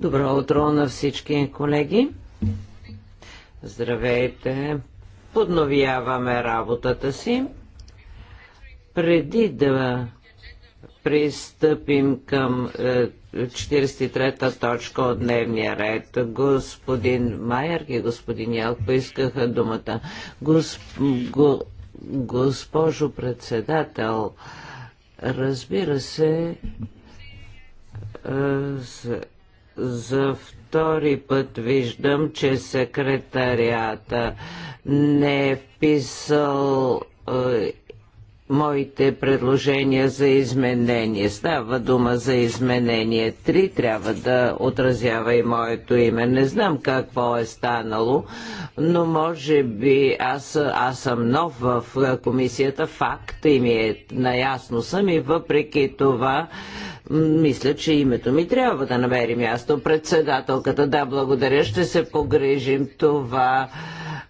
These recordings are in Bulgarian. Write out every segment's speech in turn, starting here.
Добро утро на всички колеги. Здравейте. Подновяваме работата си. Преди да пристъпим към 43-та е, точка от дневния ред. Господин Майер и господин Ялк поискаха думата. Госп... Го... Госпожо председател, Разбира се, за втори път виждам, че секретарията не е вписал моите предложения за изменение. Става дума за изменение 3, трябва да отразява и моето име. Не знам какво е станало, но може би аз, аз съм нов в комисията, факт и ми е наясно съм и въпреки това мисля, че името ми трябва да намери място. Председателката, да, благодаря, ще се погрежим това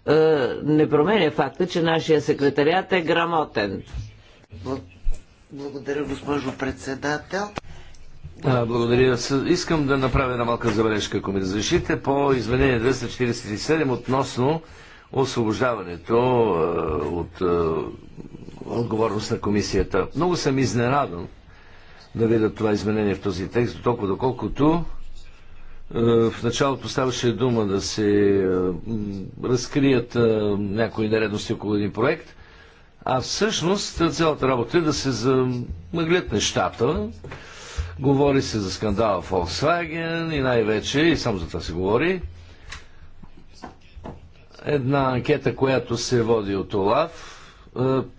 е, не променя факта, че нашия секретариат е грамотен. Благодаря, госпожо председател. А, благодаря. Искам да направя една малка забележка, ако ми разрешите, по изменение 247 относно освобождаването е, от е, отговорност на комисията. Много съм изненадан да видя това изменение в този текст, толкова доколкото е, в началото ставаше дума да се е, разкрият е, някои нередности около един проект, а всъщност цялата работа е да се замъглят нещата. Говори се за скандала в Volkswagen и най-вече, и само за това се говори, една анкета, която се води от ОЛАВ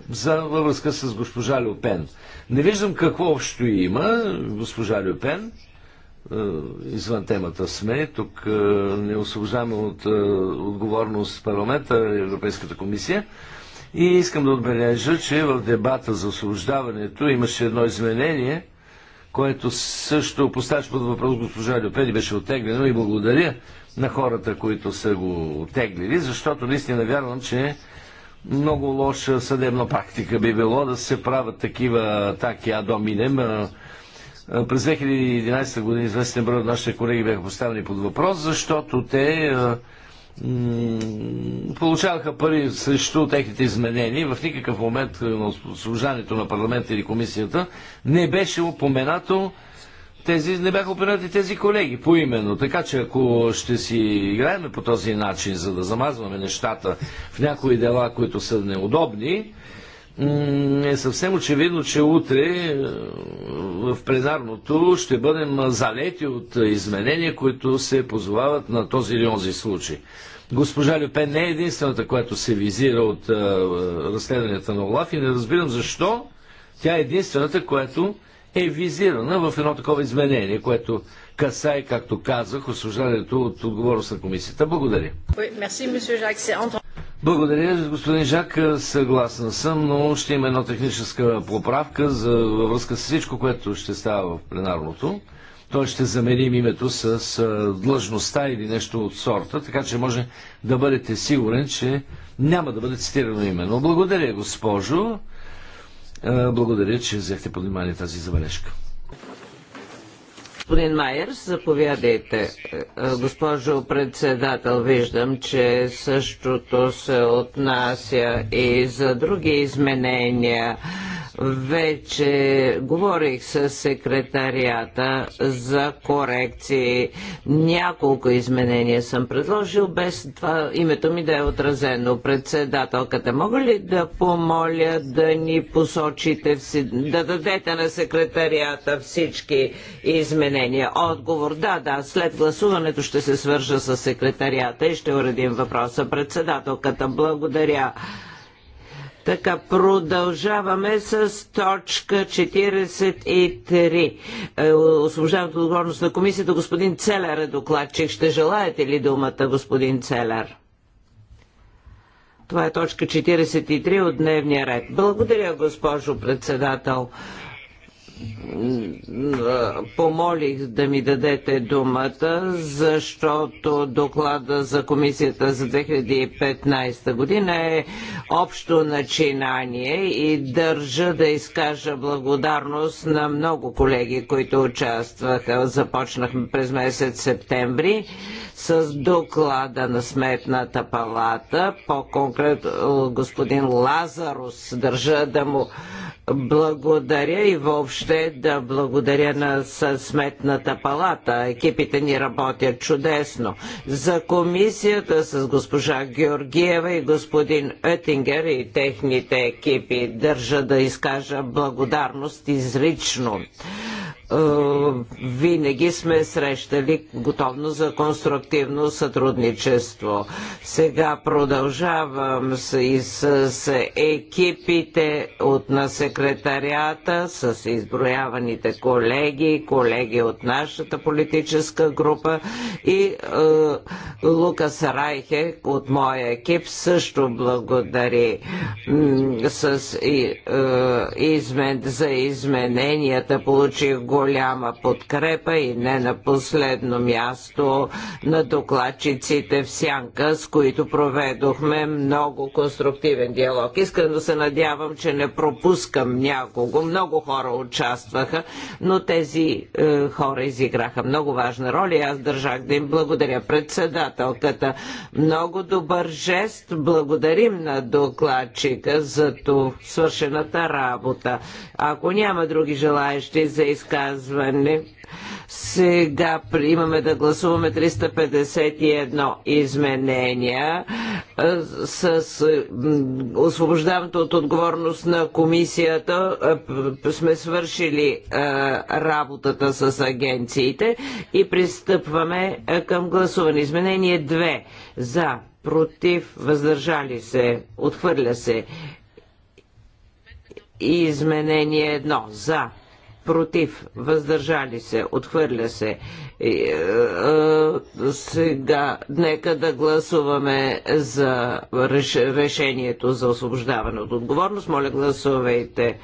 за, във връзка с госпожа Люпен. Не виждам какво общо има госпожа Люпен е, извън темата сме. Тук е, не освобождаваме от е, отговорност парламента и Европейската комисия. И искам да отбележа, че в дебата за освобождаването имаше едно изменение, което също поставяше под въпрос госпожа Люпеди беше оттеглено и благодаря на хората, които са го оттеглили, защото наистина вярвам, че много лоша съдебна практика би било да се правят такива атаки адоминем, през 2011 година известен брой от нашите колеги бяха поставени под въпрос, защото те получаваха пари срещу техните изменения. В никакъв момент на служанието на парламента или комисията не беше упоменато тези, не бяха упоменати тези колеги по именно. Така че ако ще си играем по този начин, за да замазваме нещата в някои дела, които са неудобни, е съвсем очевидно, че утре е, в пленарното ще бъдем залети от изменения, които се позовават на този или онзи случай. Госпожа Люпен не е единствената, която се визира от е, разследванията на Олаф и не разбирам защо тя е единствената, която е визирана в едно такова изменение, което касае, както казах, освобождането от отговорност на комисията. Благодаря. Благодаря, господин Жак. Съгласен съм, но ще има една техническа поправка за, във връзка с всичко, което ще става в пленарното. Той ще заменим името с длъжността или нещо от сорта, така че може да бъдете сигурен, че няма да бъде цитирано именно. Благодаря, госпожо. благодаря, че взехте под внимание тази забележка. Господин Майер, заповядайте. Е, е, госпожо председател, виждам, че същото се отнася и за други изменения вече говорих с секретарията за корекции. Няколко изменения съм предложил, без това името ми да е отразено. Председателката, мога ли да помоля да ни посочите, да дадете на секретарията всички изменения? Отговор, да, да, след гласуването ще се свържа с секретарията и ще уредим въпроса. Председателката, благодаря. Така, продължаваме с точка 43. Е, освобождаването отговорност на комисията. Господин Целер е докладчик. Ще желаете ли думата, господин Целер? Това е точка 43 от дневния ред. Благодаря, госпожо председател помолих да ми дадете думата, защото доклада за комисията за 2015 година е общо начинание и държа да изкажа благодарност на много колеги, които участваха. Започнахме през месец септември с доклада на Сметната палата, по-конкретно господин Лазарус, държа да му благодаря и въобще да благодаря на Сметната палата. Екипите ни работят чудесно. За комисията с госпожа Георгиева и господин Етингер и техните екипи държа да изкажа благодарност изрично. Е, винаги сме срещали готовност за конструктивно сътрудничество. Сега продължавам с, и с, с екипите от на секретарията, с изброяваните колеги, колеги от нашата политическа група и е, Лукас Райхе от моя екип също благодари с, и, е, измен, за измененията. Получих го голяма подкрепа и не на последно място на докладчиците в Сянка, с които проведохме много конструктивен диалог. Искрено се надявам, че не пропускам някого. Много хора участваха, но тези е, хора изиграха много важна роля и аз държах да им благодаря председателката. Много добър жест. Благодарим на докладчика за свършената работа. Ако няма други желаящи за изказване, изказване. Сега имаме да гласуваме 351 изменения с освобождаването от отговорност на комисията. Сме свършили работата с агенциите и пристъпваме към гласуване. Изменение 2 за, против, въздържали се, отхвърля се. И изменение 1 за, против, въздържали се, отхвърля се. И, а, е, е, сега нека да гласуваме за реш, решението за освобождаване от отговорност. Моля, гласувайте.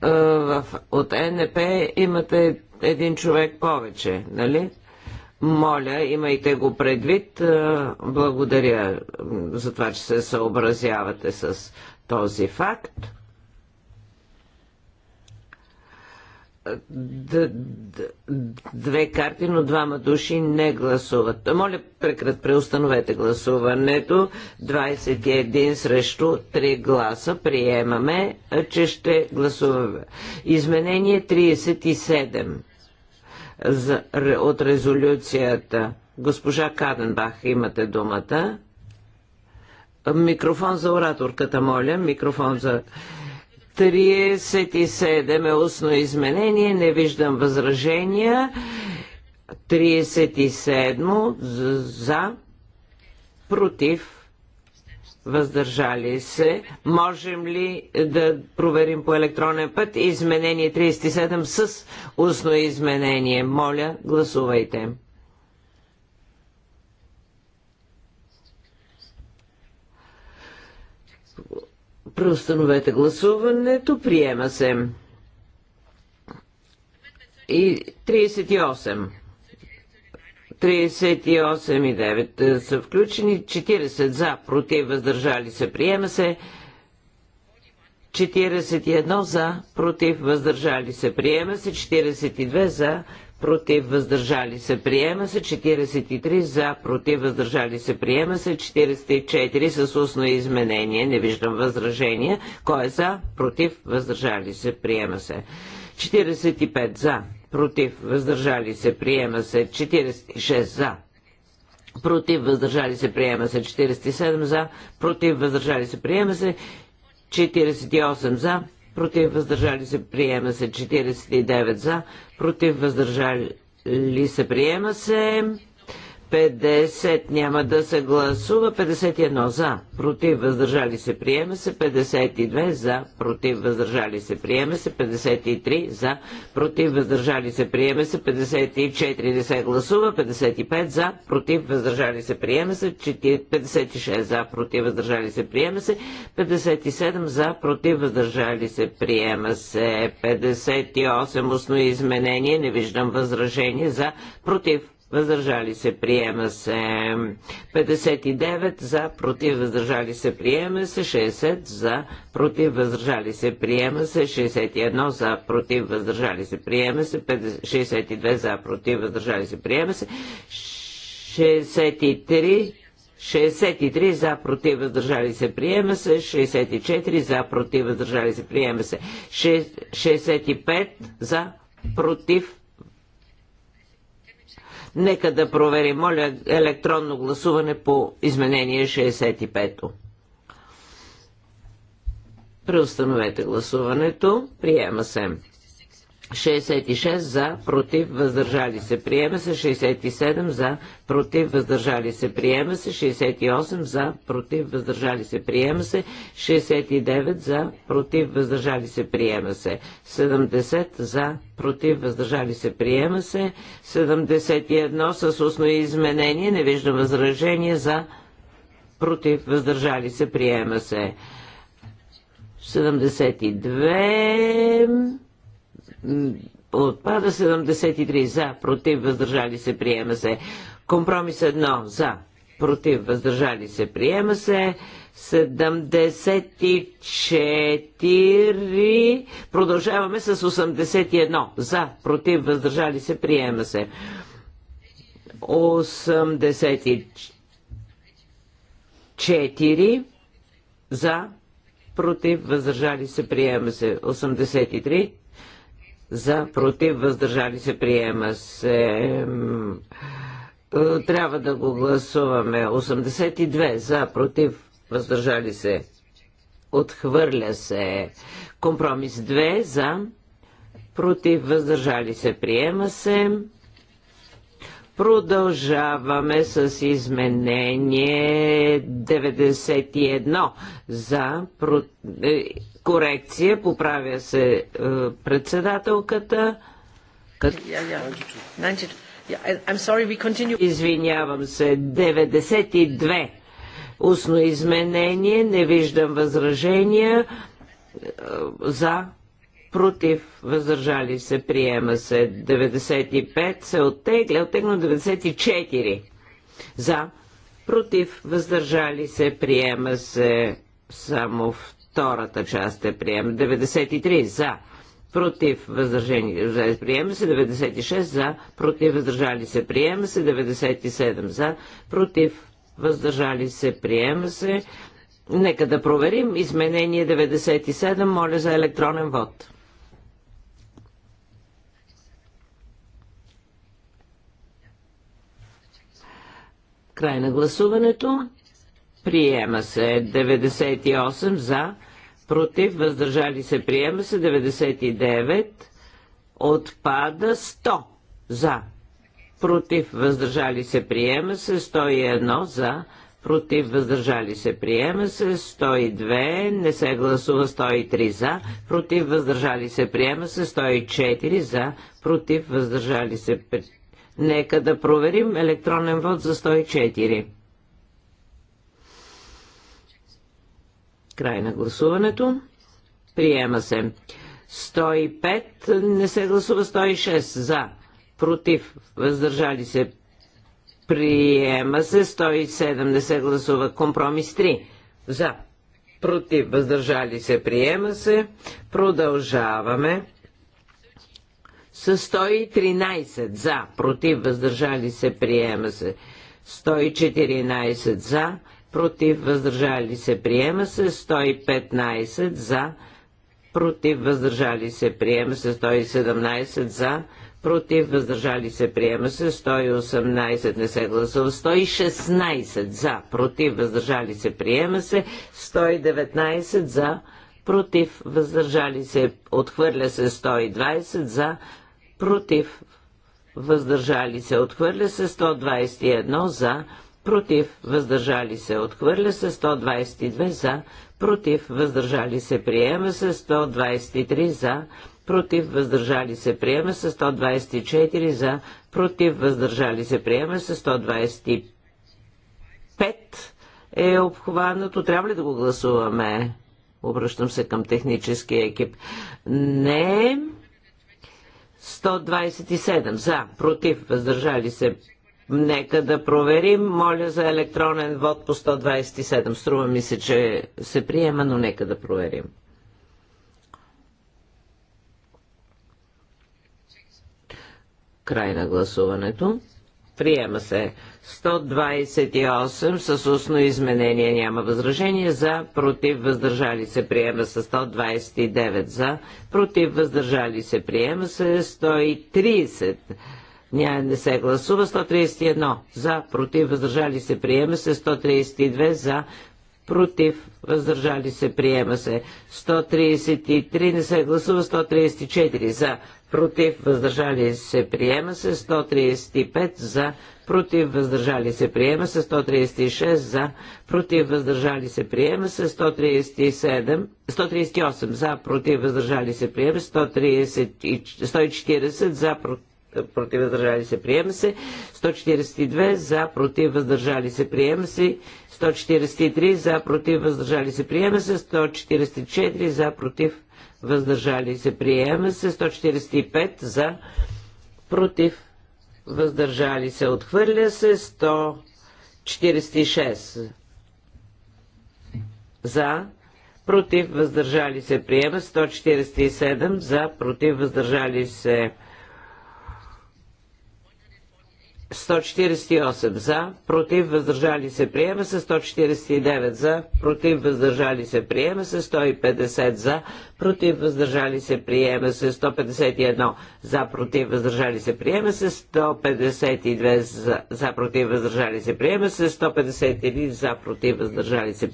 А, е, в, от НП имате един човек повече, нали? Моля, имайте го предвид. Благодаря за това, че се съобразявате с този факт. две карти, но двама души не гласуват. Моля, прекрат, преустановете гласуването. 21 срещу 3 гласа. Приемаме, че ще гласуваме. Изменение 37 за, от резолюцията. Госпожа Каденбах, имате думата. Микрофон за ораторката, моля. Микрофон за... 37 е устно изменение, не виждам възражения. 37 за, против, въздържали се. Можем ли да проверим по електронен път изменение 37 с устно изменение? Моля, гласувайте. Преустановете гласуването. Приема се. И 38. 38 и 9 е, са включени. 40 за, против, въздържали се. Приема се. 41 за, против, въздържали се. Приема се. 42 за, против въздържали се, приема се 43 за, против въздържали се, приема се 44 с устно изменение, не виждам възражения. кой е за, против въздържали се, приема се 45 за, против въздържали се, приема се 46 за, против въздържали се, приема се 47 за, против въздържали се, приема се 48 за, против въздържали се, приема се 49 за, против въздържали се, приема се 50 няма да се гласува. 51 за, против, въздържали се, приема се. 52 за, против, въздържали се, приема се. 53 за, против, въздържали се, приема се. 54 не се гласува. 55 за, против, въздържали се, приема се. 56 за, против, въздържали се, приема се. 57 за, против, въздържали се, приема се. 58 устно изменение, не виждам възражение за, против, въздържали се, приема се 59 за, против, въздържали се, приема се 60 за, против, въздържали се, приема се 61 за, против, въздържали се, приема се 62 за, против, въздържали се, приема се 63 63 за против въздържали се приема се, 64 за против въздържали се приема се, 65 за против Нека да проверим. Моля електронно гласуване по изменение 65-то. Преустановете гласуването. Приема се. 66 за, против, въздържали се, приема се 67 за, против, въздържали се, приема се 68 за, против, въздържали се, приема се 69 за, против, въздържали се, приема се 70 за, против, въздържали се, приема се 71 с устно изменение, не виждам възражение за, против, въздържали се, приема се 72 Отпада 73 за, против, въздържали се, приема се. Компромис 1 за, против, въздържали се, приема се. 74. Продължаваме с 81. За, против, въздържали се, приема се. 84. За, против, въздържали се, приема се. 83 за против въздържали се приема се. Е, трябва да го гласуваме. 82 за против въздържали се. Отхвърля се. Компромис 2 за против въздържали се приема се. Продължаваме с изменение 91 за е, корекция, поправя се е, председателката. Кът... Yeah, yeah. Yeah, sorry, Извинявам се, 92. Устно изменение, не виждам възражения. Е, за, против, въздържали се, приема се. 95 се оттегля, оттегна 94. За, против, въздържали се, приема се само в Втората част е прием. 93 за, против, въздържани за, приема се. 96 за, против, въздържали се, приема се. 97 за, против, въздържали се, приема се. Нека да проверим. Изменение 97. Моля за електронен вод. Край на гласуването. Приема се 98 за, против, въздържали се. Приема се 99. Отпада 100 за, против, въздържали се. Приема се 101 за, против, въздържали се. Приема се 102, не се гласува 103 за, против, въздържали се. Приема се 104 за, против, въздържали се. Нека да проверим електронен вод за 104. Край на гласуването. Приема се. 105, не се гласува 106 за, против, въздържали се. Приема се 107, не се гласува компромис 3 за, против, въздържали се. Приема се. Продължаваме с 113 за, против, въздържали се. Приема се. 114 за, против въздържали се приема се 115 за, против въздържали се приема се 117 за, против въздържали се приема се 118 не се гласува 116 за, против въздържали се приема се 119 за, против въздържали се отхвърля се 120 за, против въздържали се отхвърля се 121 за, против, въздържали се, отхвърля се 122 за, против, въздържали се, приема се 123 за, против, въздържали се, приема се 124 за, против, въздържали се, приема се 125 е обхванато. Трябва ли да го гласуваме? Обръщам се към техническия екип. Не. 127 за, против, въздържали се, Нека да проверим. Моля за електронен вод по 127. Струва ми се, че се приема, но нека да проверим. Край на гласуването. Приема се. 128 с устно изменение няма възражение за, против въздържали се приема се 129 за, против въздържали се приема се 130 няма не се гласува. 131 за, против, въздържали се, приема се. 132 за, против, въздържали се, приема се. 133 не се гласува. 134 за, против, въздържали се, приема се. 135 за, против, въздържали се, приема се. 136 за, против, въздържали се, приема се. 137, 138 за, против, въздържали се, приема се. 140 за, против, против въздържали се, приема се. 142 за, против въздържали се, приема се. 143 за, против въздържали се, приема се. 144 за, против въздържали се, приема се. 145 за, против въздържали се, отхвърля се. 146 за, против въздържали се, приема. 147 за, против въздържали се, приема 148 за, против въздържали се приема се 149 за, против въздържали се приема се 150 за, против въздържали се приема се 151 за, против въздържали се приема се 152 за, за против въздържали се приема се 151 за, против въздържали се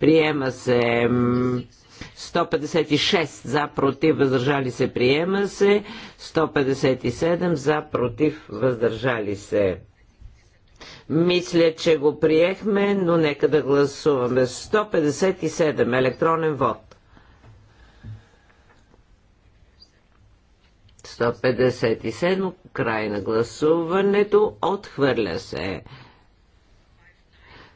приема се 156 за, против, въздържали се, приема се. 157 за, против, въздържали се. Мисля, че го приехме, но нека да гласуваме. 157 електронен вод. 157 край на гласуването. Отхвърля се.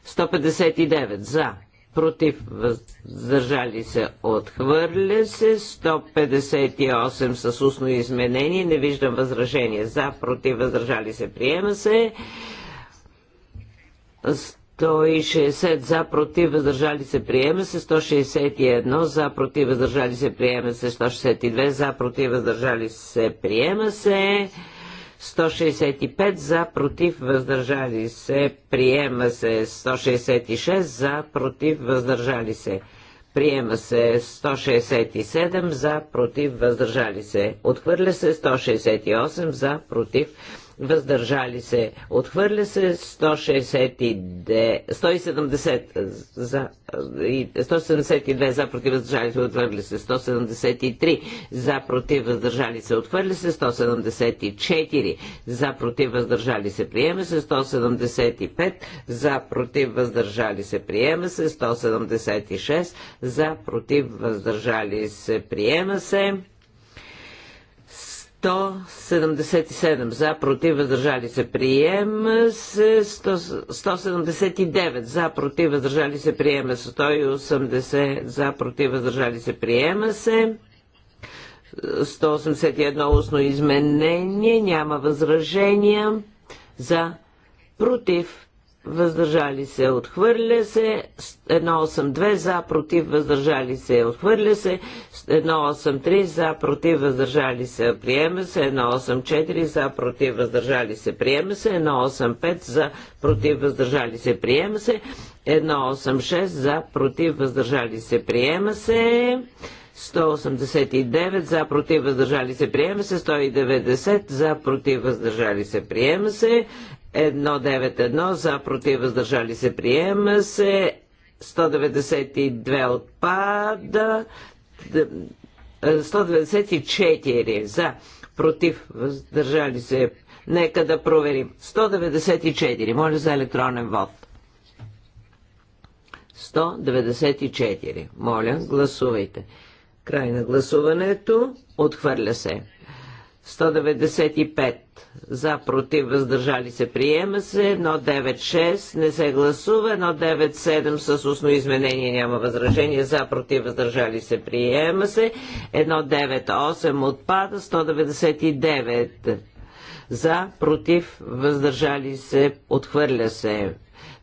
159 за против въздържали се, отхвърля се, 158 с устно изменение, не виждам възражение за, против въздържали се, приема се, 160 за, против въздържали се, приема се, 161 за, против въздържали се, приема се, 162 за, против въздържали се, приема се, 165 за, против, въздържали се. Приема се 166 за, против, въздържали се. Приема се 167 за, против, въздържали се. Отхвърля се 168 за, против, въздържали се въздържали се, отхвърля се 170 за, 172 за против въздържали се, отхвърля се 173 за против въздържали се, отхвърля се 174 за против въздържали се, приема се 175 за против въздържали се, приема се 176 за против въздържали се, приема се 177 за, против, въздържали се, приема се 100, 179 за, против, въздържали се, приема се 180 за, против, въздържали се, приема се 181 устно изменение, няма възражения за, против, въздържали се, отхвърля се, 182 за, против, въздържали се, отхвърля се, 183 за, против, въздържали се, приема се, 184 за, против, въздържали се, приема се, 185 за, против, въздържали се, приема се, 186 за, против, въздържали се, приема се. 189 за против въздържали се приема се, 190 за против въздържали се приема се, 191 за против въздържали се приема се 192 отпада 194 е, за против въздържали се нека да проверим 194 моля за електронен вод 194 моля гласувайте край на гласуването отхвърля се 195 за, против, въздържали се, приема се. 196 не се гласува. 197 с устно изменение няма възражение. За, против, въздържали се, приема се. 198 отпада. 199 за, против, въздържали се, отхвърля се.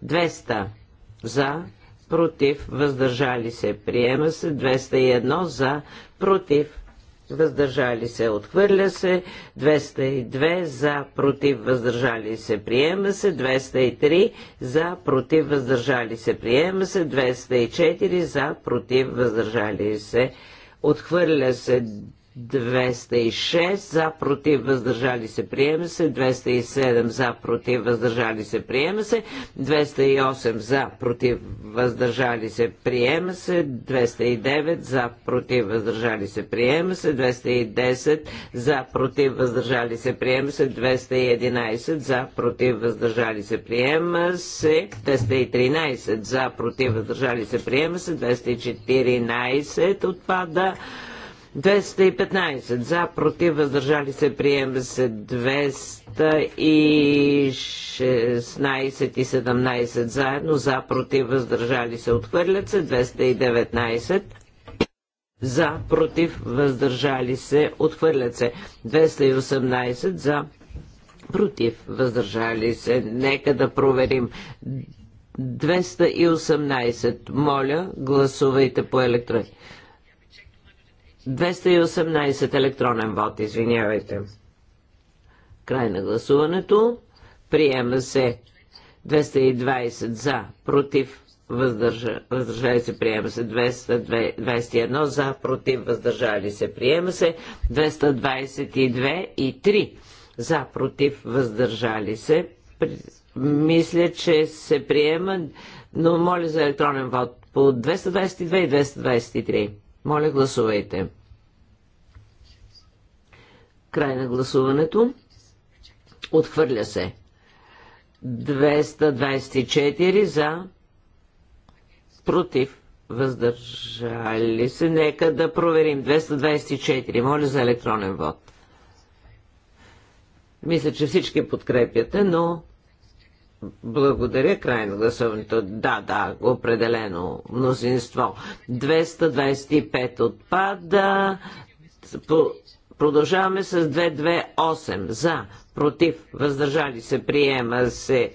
200 за, против, въздържали се, приема се. 201 за, против, въздържали се, отхвърля се, 202 за, против, въздържали се, приема се, 203 за, против, въздържали се, приема се, 204 за, против, въздържали се, отхвърля се, 206 за против въздържали се приема се, 207 за против въздържали се приема се, 208 за против въздържали се приема се, 209 за против въздържали се приема се, 210 за против въздържали се приема се, 211 за против въздържали се приема се, 213 за против въздържали се приема се, 214 отпада. 215 за, против, въздържали се, приема се 216 и 17 заедно, за, против, въздържали се, отхвърлят се 219 за, против, въздържали се, отхвърлят се 218 за, против, въздържали се. Нека да проверим 218. Моля, гласувайте по електрон. 218 електронен вод, извинявайте. Край на гласуването. Приема се 220 за, против, въздържа, въздържали се, приема се 221 за, против, въздържали се, приема се 222 и 3 за, против, въздържали се. Мисля, че се приема, но моля за електронен вод по 222 и 223. Моля, гласувайте. Край на гласуването. Отхвърля се. 224 за, против, въздържали се. Нека да проверим. 224. Моля за електронен вод. Мисля, че всички подкрепяте, но благодаря. Край на гласуването. Да, да, определено мнозинство. 225 отпада. Продължаваме с 228. За, против, въздържали се, приема се.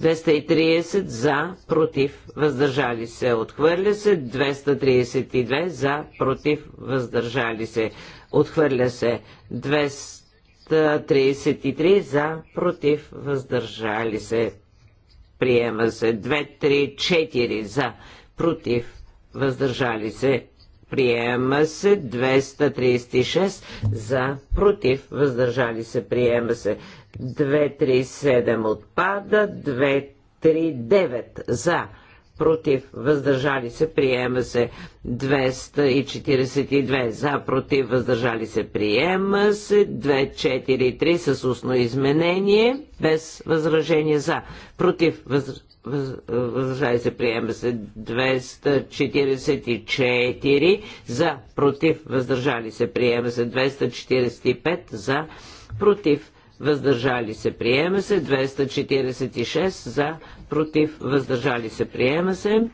230 за, против, въздържали се. Отхвърля се. 232 за, против, въздържали се. Отхвърля се. 200 33 за, против, въздържали се. Приема се 2, 3, 4 за, против, въздържали се. Приема се 236 за, против, въздържали се. Приема се 237 отпада, 239 за, против, въздържали се, приема се 242 за, против, въздържали се, приема се 243 с устно изменение, без възражение за, против, въз... Въз... въздържали се, приема се 244 за, против, въздържали се, приема се 245 за, против, въздържали се, приема се 246 за, против, въздържали се, приема се.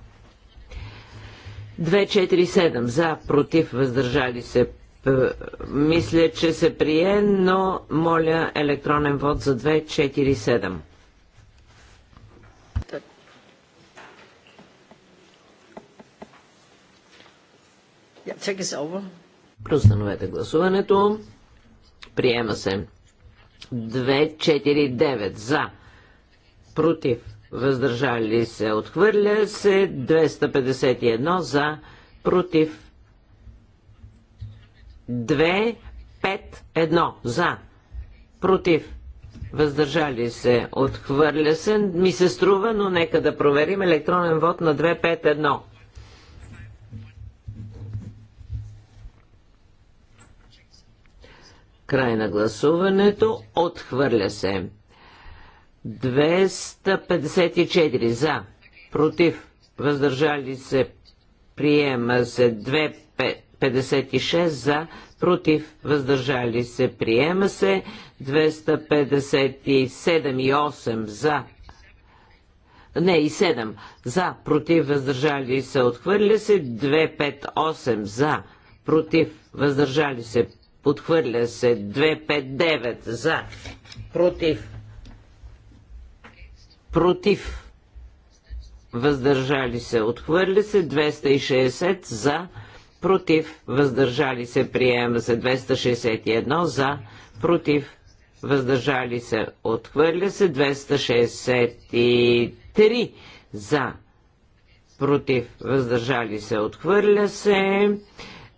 247 за, против, въздържали се, е, мисля, че се прие, но моля електронен вод за 247. Простановете гласуването. Приема се. 249 за. Против въздържали се, отхвърля се, 251 за, против, 2, 5, 1 за, против, въздържали се, отхвърля се, ми се струва, но нека да проверим електронен вод на 251. Край на гласуването. Отхвърля се. 254 за, против, въздържали се, приема се 256 за, против, въздържали се, приема се 257 и 8 за, не и 7 за, против, въздържали се, отхвърля се 258 за, против, въздържали се, подхвърля се 259 за, против, против, въздържали се, отхвърли се, 260 за, против, въздържали се, приема се, 261 за, против, въздържали се, отхвърля се, 263 за, против, въздържали се, отхвърля се,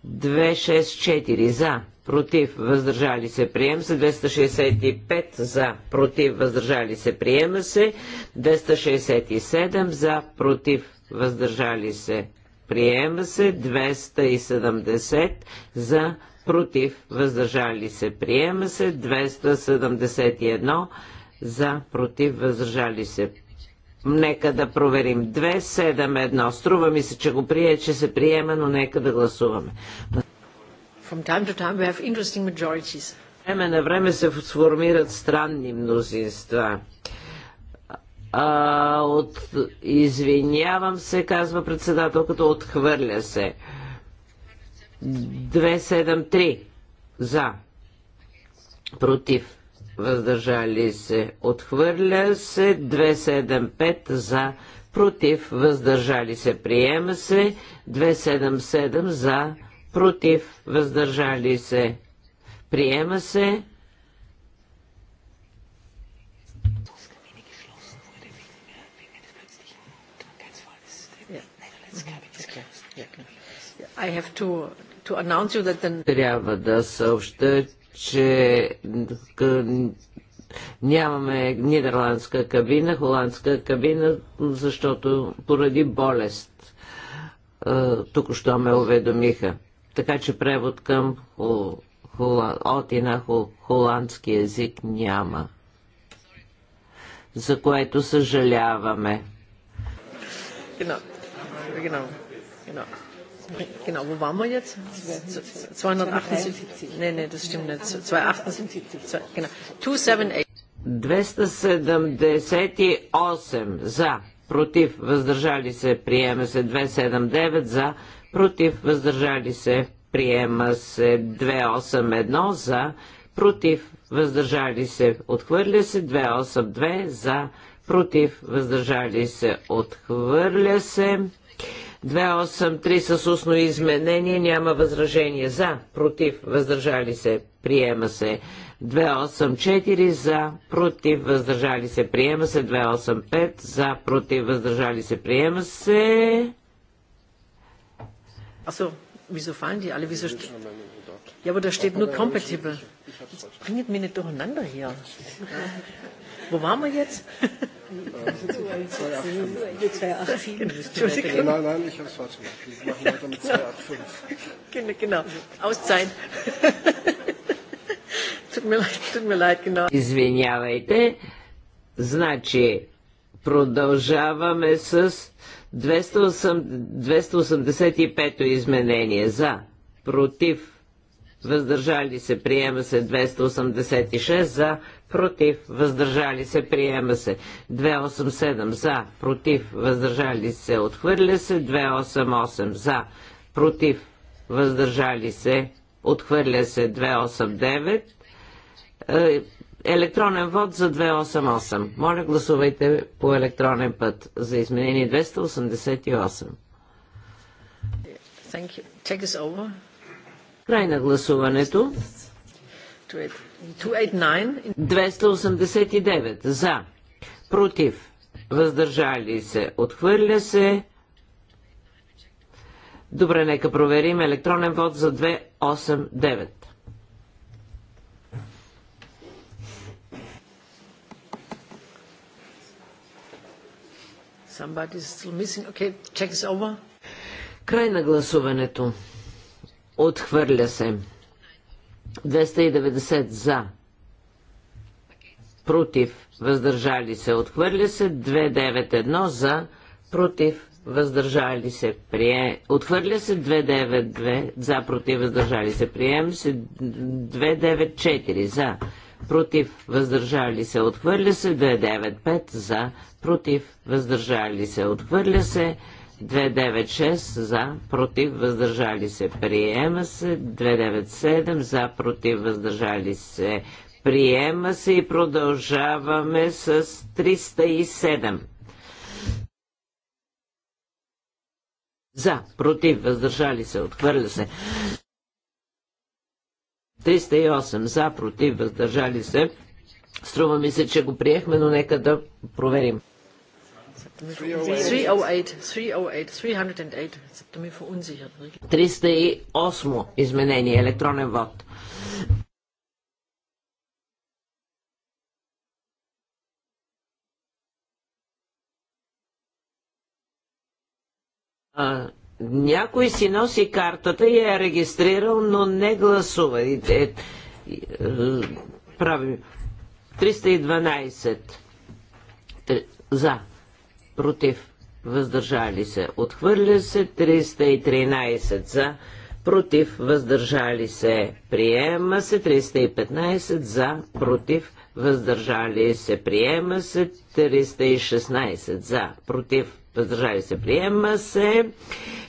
264 за, против, въздържали се, приема се, 265 за, против, въздържали се, приема се, 267 за, против, въздържали се, приема се, 270 за, против, въздържали се, приема се, 271 за, против, въздържали се, Нека да проверим. 271. Струва ми се, че го прие, че се приема, но нека да гласуваме. From time to time we have interesting majorities. Време на време се сформират странни мнозинства. А, от, извинявам се, казва председател, като отхвърля се. 273 за. Против. Въздържали се. Отхвърля се. 275 за. Против. Въздържали се. Приема се. 277 за против, въздържали се, приема се. To, to the... Трябва да съобща, че нямаме нидерландска кабина, холандска кабина, защото поради болест. Тук що ме уведомиха така че превод към хол, от и на хол, холандски язик няма. За което съжаляваме. Genau. Genau, wo waren wir jetzt? 278. Nee, nee, das stimmt nicht. 278. Genau. 278. 278 за, против, въздържали се, приема се 279 за, против, въздържали се, приема се 281 за, против, въздържали се, отхвърля се 282 за, против, въздържали се, отхвърля се. 283 с устно изменение, няма възражение за, против, въздържали се, приема се. 284 за, против, въздържали се, приема се. 285 за, против, въздържали се, приема се. Achso, wieso fallen die alle? Wieso ja, aber da steht nur compatible. Das bringt mich nicht durcheinander hier. Wo waren wir jetzt? Entschuldigung. Nein, nein, ich habe es falsch gemacht. Wir machen weiter mit 285. Genau, Auszeit. Tut mir leid, tut mir leid, genau. Извиняйте, значит, Продължаваме с 285-то изменение. За, против, въздържали се, приема се 286 за, против, въздържали се, приема се 287 за, против, въздържали се, отхвърля се 288 за, против, въздържали се, отхвърля се 289 електронен вод за 288. Моля, гласувайте по електронен път за изменение 288. Край на гласуването. 289 за, против, въздържали се, отхвърля се. Добре, нека проверим електронен вод за 289. Край на гласуването. Отхвърля се. 290 за. Против. Въздържали се. Отхвърля се. 291 за. Против. Въздържали се. Прие... Отхвърля се. 292 за. Против. Въздържали се. Прием се. 294 за против, въздържали се, отхвърля се, 295 за, против, въздържали се, отхвърля се, 296 за, против, въздържали се, приема се, 297 за, против, въздържали се, приема се и продължаваме с 307. За, против, въздържали се, отхвърля се. 308 за, против, въздържали се. Струва ми се, че го приехме, но нека да проверим. 308 е нали? изменение, електронен вод. А, някой си носи картата и е регистрирал, но не гласува. И, е, е, 312 за, против, въздържали се. Отхвърля се 313 за, против, въздържали се. Приема се 315 за, против, въздържали се. Приема се 316 за, против, въздържали се, приема се.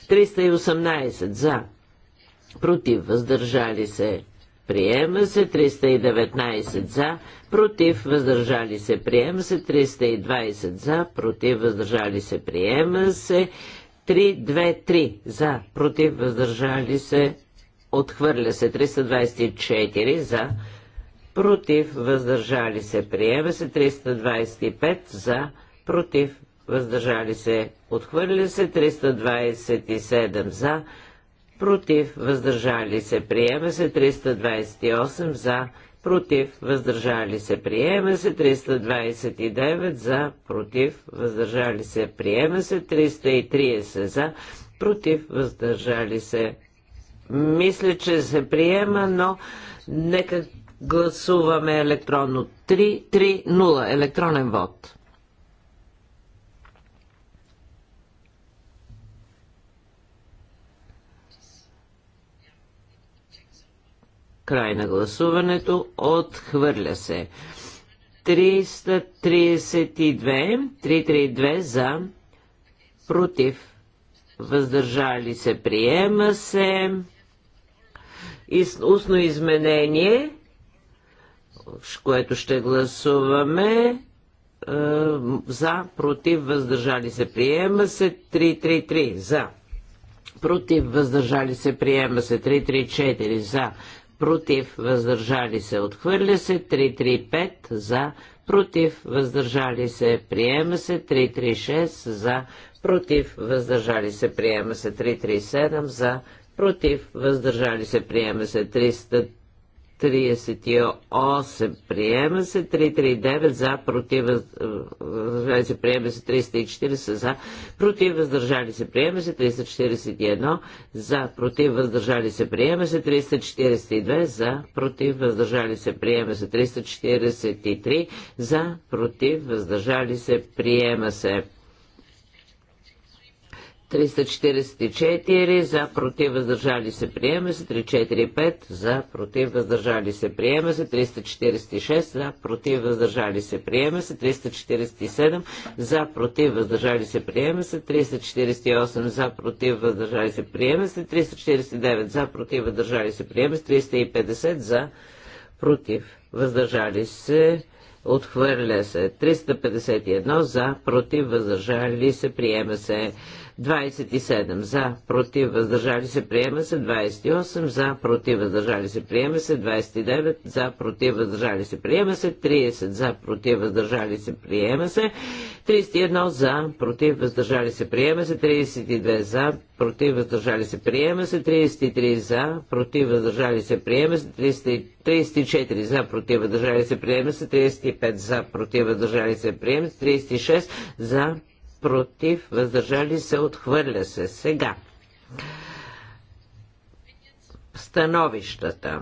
318 за, против, въздържали се, приема се. 319 за, против, въздържали се, приема се. 320 за, против, въздържали се, приема се. 3-2-3 за, против, въздържали се, отхвърля се. 324 за, против, въздържали се, приема се. 325 за, против, въздържали се, отхвърля се 327 за, против, въздържали се, приема се 328 за, против, въздържали се, приема се 329 за, против, въздържали се, приема се 330 за, против, въздържали се. Мисля, че се приема, но нека гласуваме електронно 3-3-0 електронен вод. Край на гласуването. Отхвърля се. 332, 332 за, против, въздържали се, приема се. Ис, устно изменение, което ще гласуваме, е, за, против, въздържали се, приема се, 333 за, против, въздържали се, приема се, 334 за, против, въздържали се, отхвърля се, 335 за, против, въздържали се, приема се, 336 за, против, въздържали се, приема се, 337 за, против, въздържали се, приема се, 300, 38 приема се, 339 за, против, въздържали се, приема се, 340 за, против, въздържали се, приема се, 341 за, против, въздържали се, приема се, 342 за, против, въздържали се, приема се, 343 за, против, въздържали се, приема се. 344 за против въздържали се приема се, 345 за против въздържали се приема се, 346 за против въздържали се приема се, 347 за против въздържали се приема се, 348 за против въздържали се приема се, 349 за против въздържали се приема се, 350 за против въздържали се Отхвърля се 351 за, против, въздържали се, приема се 27 за, против, въздържали се, приема се 28 за, против, въздържали се, приема се 29 за, против, въздържали се, приема се 30 за, против, въздържали се, приема се 31 за, против, въздържали се, приема се 32 за, против, въздържали се, приема се 33 за, против, въздържали се, приема се 34 за, против, въздържали се, приема се 35 за, против, въздържали се, приема се 36 за, против, въздържали се, отхвърля се. Сега. Становищата.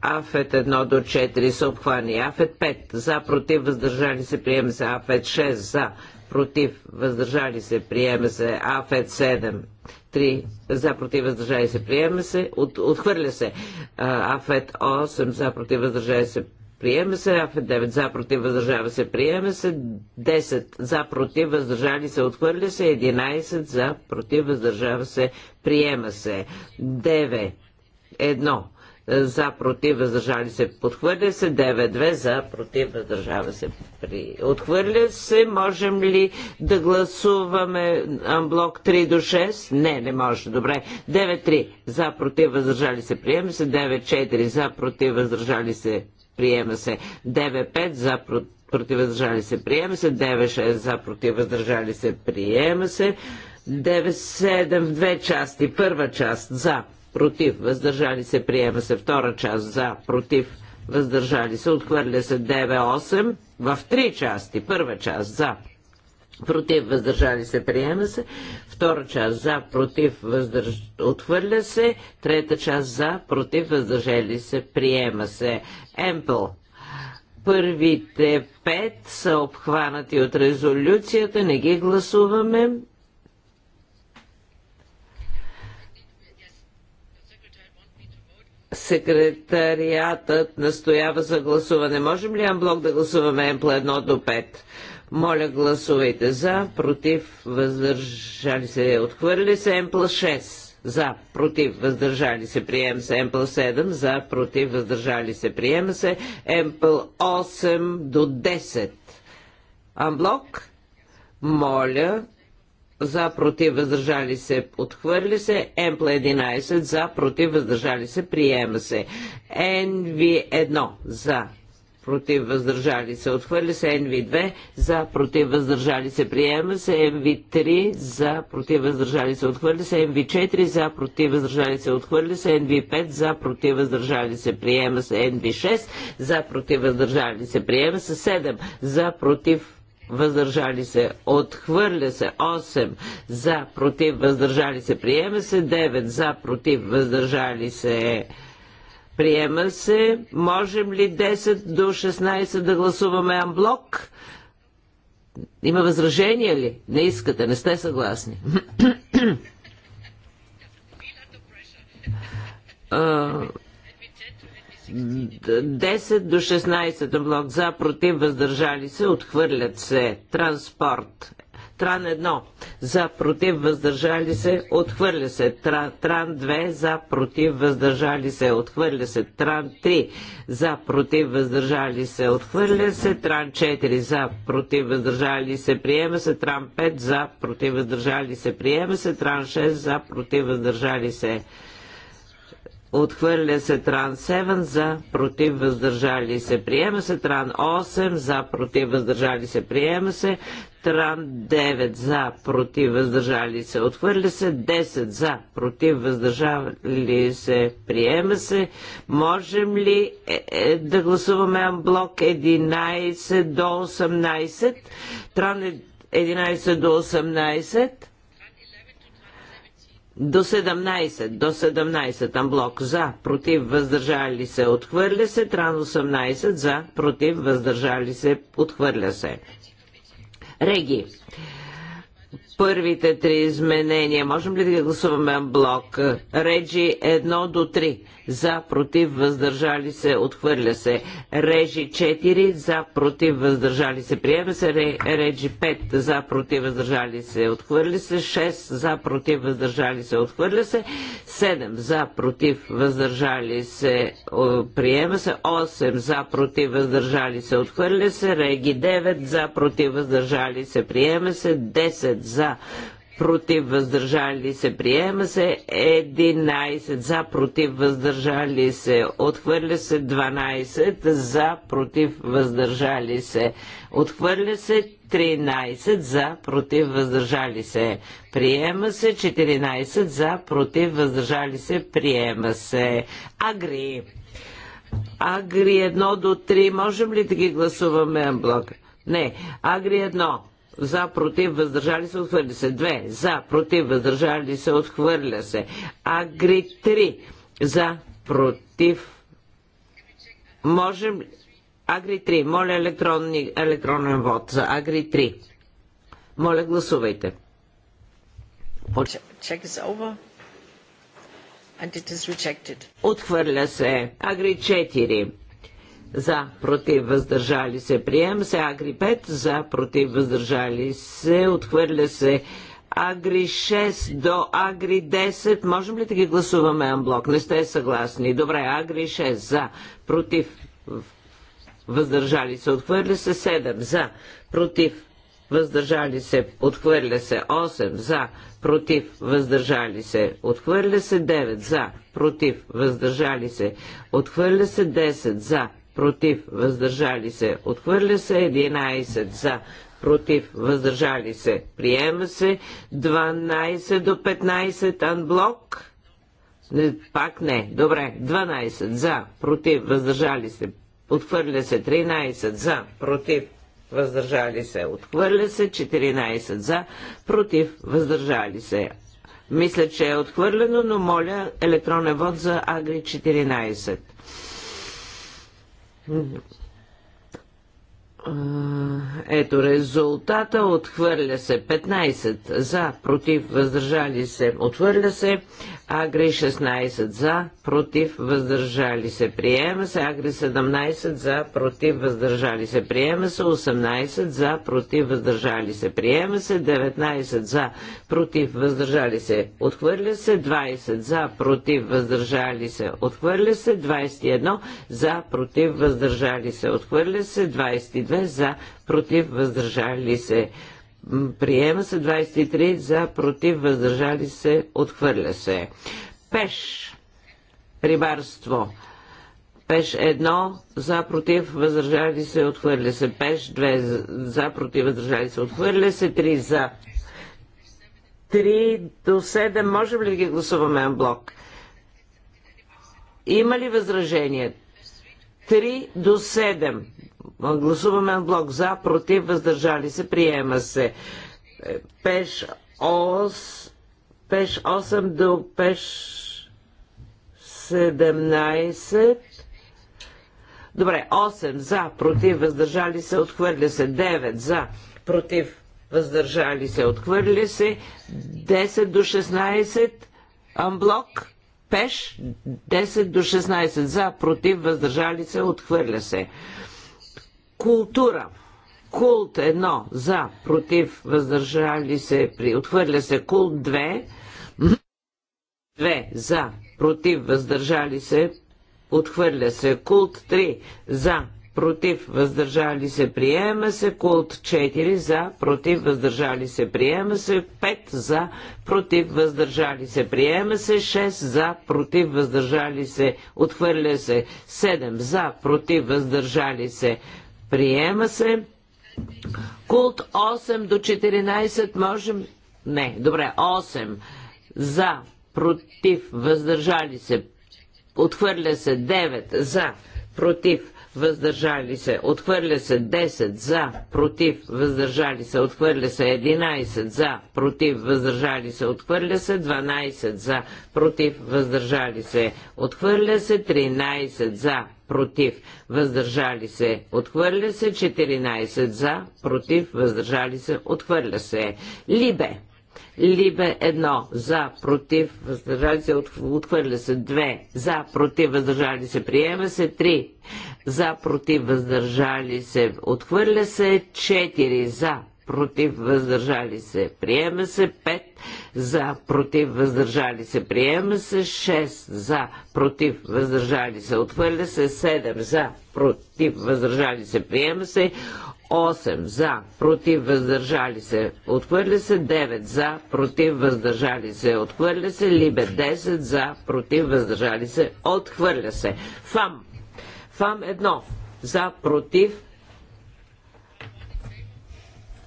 АФЕТ 1 до 4 са обхвани. АФЕТ 5 за, против, въздържали се, приема се. АФЕТ 6 за, против, въздържали се, приема се. АФЕТ 7 3 за, против, въздържали се, приема се. От, отхвърля се. АФЕТ 8 за, против, въздържали се, приема се, АФЕТ 9 за, против, въздържава се, приема се, 10 за, против, въздържали се, отхвърля се, 11 за, против, въздържава се, приема се, 9, 1 за, против, въздържали се, подхвърля се, 9-2 за, против, въздържава се, при... отхвърля се, можем ли да гласуваме блок 3 до 6? Не, не може, добре, 9-3 за, против, въздържали се, приема се, 9-4 за, против, въздържали се, приема се 9-5 за против въздържали се, приема се 9-6 за против въздържали се, приема се 9-7 в две части, първа част за против въздържали се, приема се втора част за против въздържали се, отхвърля се 9-8 в три части, първа част за против въздържали се, приема се. Втора част за, против въздърж... отхвърля се. Трета част за, против въздържали се, приема се. Емпл. Първите пет са обхванати от резолюцията, не ги гласуваме. Секретариатът настоява за гласуване. Можем ли Амблок да гласуваме Емпл 1 до 5? Моля, гласувайте за, против, въздържали се, отхвърли се, М плюс 6. За, против, въздържали се, приема се, М плюс 7. За, против, въздържали се, приема се, М плюс 8 до 10. Амблок, моля, за, против, въздържали се, отхвърли се. плюс 11, за, против, въздържали се, приема се. НВ1, за, против въздържали се. Отхвърля се NV2 за против въздържали се. Приема се NV3 за против въздържали се. Отхвърля се NV4 за против въздържали се. Отхвърля се NV5 за против въздържали се. Приема се NV6 за против въздържали се. Приема се 7 за против въздържали се, отхвърля се 8 за против въздържали се, приема се 9 за против въздържали се. Приема се. Можем ли 10 до 16 да гласуваме амблок? Има възражения ли? Не искате, не сте съгласни. а, 10 до 16 блок за, против, въздържали се, отхвърлят се. Транспорт Тран 1 за против въздържали се, отхвърля се. Тран, тран 2 за против въздържали се, отхвърля се. Тран 3 за против въздържали се, отхвърля се. Тран 4 за против въздържали се, приема се. Тран 5 за против въздържали се, приема се. Тран 6 за против въздържали се. Отхвърля се Тран 7 за против въздържали се. Приема се Тран 8 за против въздържали се. Приема се Тран 9 за, против, въздържали се. Отхвърля се 10 за, против, въздържали се. Приема се. Можем ли е, е, да гласуваме блок 11 до 18? Тран 11 е, до 18? До 17, до 17 амблок за, против, въздържали се, отхвърля се, тран 18 за, против, въздържали се, отхвърля се. Реги първите три изменения. Можем ли да гласуваме блок? Режи 1 до 3. За, против, въздържали се, отхвърля се. Режи 4. За, против, въздържали се, приема се. режи 5. За, против, въздържали се, отхвърля се. 6. За, против, въздържали се, отхвърля се. 7. За, против, въздържали се, приема се. 8. За, против, въздържали се, отхвърля се. Реги 9. За, против, въздържали се, приема се. 10. За, за, против въздържали се, приема се 11 за, против въздържали се, отхвърля се 12 за, против въздържали се, отхвърля се 13 за, против въздържали се, приема се 14 за, против въздържали се, приема се. Агри. Агри 1 до 3, можем ли да ги гласуваме блок? Не, Агри 1 за, против, въздържали се, отхвърля се. Две. За, против, въздържали се, отхвърля се. Агри три. За, против. Можем. Агри 3. Моля електронни... електронен вод за Агри 3. Моля, гласувайте. Check is over. And it is rejected. Отхвърля се. Агри 4 за, против, въздържали се, приема се, Агри 5, за, против, въздържали се, отхвърля се Агри 6 до Агри 10. Можем ли да ги гласуваме анблок? Не сте съгласни. Добре, Агри 6 за, против, въздържали се, отхвърля се 7 за, против, въздържали се, отхвърля се 8 за, против, въздържали се, отхвърля се 9 за, против, въздържали се, отхвърля се 10 за, против, въздържали се, отхвърля се, 11 за, против, въздържали се, приема се, 12 до 15 анблок, не, пак не, добре, 12 за, против, въздържали се, отхвърля се, 13 за, против, въздържали се, отхвърля се, 14 за, против, въздържали се. Мисля, че е отхвърлено, но моля електронен вод за Агри 14. Ето резултата. Отхвърля се 15 за, против, въздържали се. Отхвърля се Агри 16 за, против, въздържали се, приема се. Агри 17 за, против, въздържали се, приема се. 18 за, против, въздържали се, приема се. 19 за, против, въздържали се, отхвърля се. 20 за, против, въздържали се, отхвърля се. 21 за, против, въздържали се, отхвърля се. 22 за, против, въздържали се, отхвърля се Приема се 23 за, против, въздържали се, отхвърля се. Пеш. Рибарство. Пеш 1 за, против, въздържали се, отхвърля се. Пеш 2 за, против, въздържали се, отхвърля се. 3 за. 3 до 7 можем ли да ги гласуваме на блок? Има ли възражение? 3 до 7. Гласуваме блок за, против, въздържали се, приема се. Пеш 8, пеш 8 до пеш 17. Добре, 8 за, против, въздържали се, отхвърля се. 9 за, против, въздържали се, отхвърли се. 10 до 16, амблок, пеш, 10 до 16 за, против, въздържали се, отхвърля се. Култура. Култ 1 за, против, въздържали се, при отхвърля се. Култ 2. 2 за, против, въздържали се, отхвърля се. Култ 3 за, против, въздържали се, приема се, култ 4 за, против, въздържали се, приема се, 5 за, против, въздържали се, приема се, 6 за, против, въздържали се, отхвърля се, Седем за, против, въздържали се, Приема се. Култ 8 до 14 можем... Не, добре, 8. За, против, въздържали се. Отхвърля се 9. За, против, въздържали се, отхвърля се 10 за, против, въздържали се, отхвърля се 11 за, против, въздържали се, отхвърля се 12 за, против, въздържали се, отхвърля се 13 за, против, въздържали се, отхвърля се 14 за, против, въздържали се, отхвърля се. Либе. Либе 1 за, против, въздържали се, отхвърля се 2 за, против, въздържали се, приема се 3 за против въздържали се, отхвърля се 4 за против въздържали се, приема се 5 за против въздържали се, приема се 6 за против въздържали се, отхвърля се 7 за против въздържали се, приема се 8 за, против въздържали се, отхвърля се 9 за, против въздържали се, отхвърля се, либе 10 за, против въздържали се, отхвърля се. Фам ФАМ 1. За, против,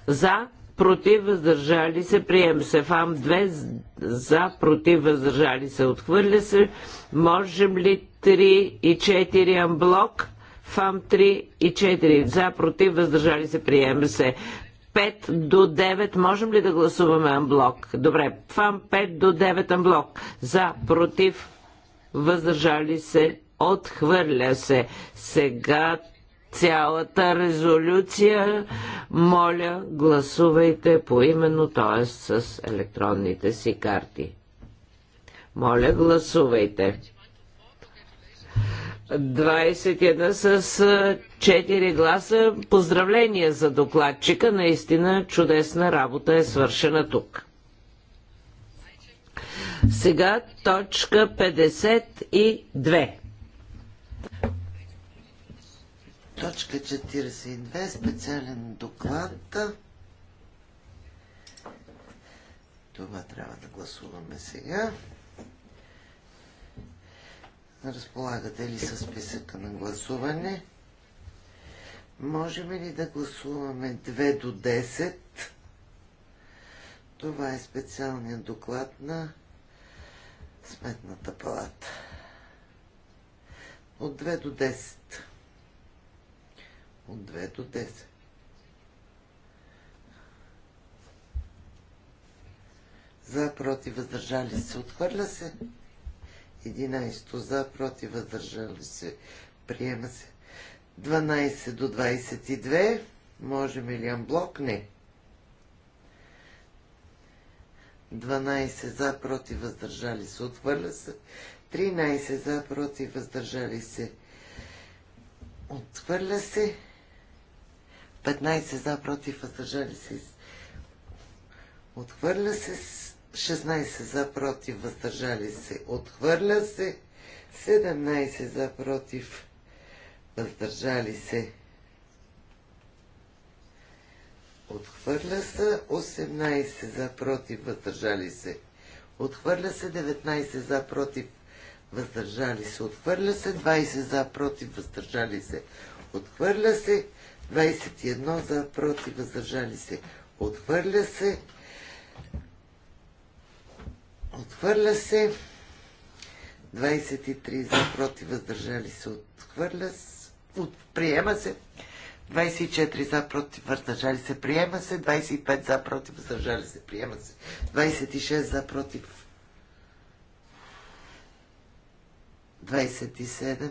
за, против, въздържали се, прием се. ФАМ 2, за, против, въздържали се, отхвърля се. Можем ли 3 и 4 амблок? ФАМ 3 и 4, за, против, въздържали се, прием се. 5 до 9. Можем ли да гласуваме амблок? Добре. ФАМ 5 до 9 амблок. За, против, въздържали се, Отхвърля се. Сега цялата резолюция. Моля, гласувайте по именно, т.е. с електронните си карти. Моля, гласувайте. 21 с 4 гласа. Поздравления за докладчика. Наистина чудесна работа е свършена тук. Сега точка 52. Точка 42, специален доклад. Това трябва да гласуваме сега. Разполагате ли с списъка на гласуване? Можем ли да гласуваме 2 до 10? Това е специалният доклад на Сметната палата. От 2 до 10 от 2 до 10. За, против, въздържали се, отхвърля се. 11 за, против, въздържали се, приема се. 12 до 22. Можем ли блок? Не. 12 за, против, въздържали се, отхвърля се. 13 за, против, въздържали се, отхвърля се. 15 за, против, въздържали се. Отхвърля се. 16 за, против, въздържали се. Отхвърля се. 17 за, против, въздържали се. Отхвърля се. 18 за, против, въздържали се. Отхвърля се. 19 за, против, въздържали се. Отхвърля се. 20 за, против, въздържали се. Отхвърля се. 21 за против въздържали се. Отхвърля се. Отхвърля се. 23 за против въздържали се. Отхвърля се. От, приема се. 24 за против въздържали се. Приема се. 25 за против въздържали се. Приема се. 26 за против 27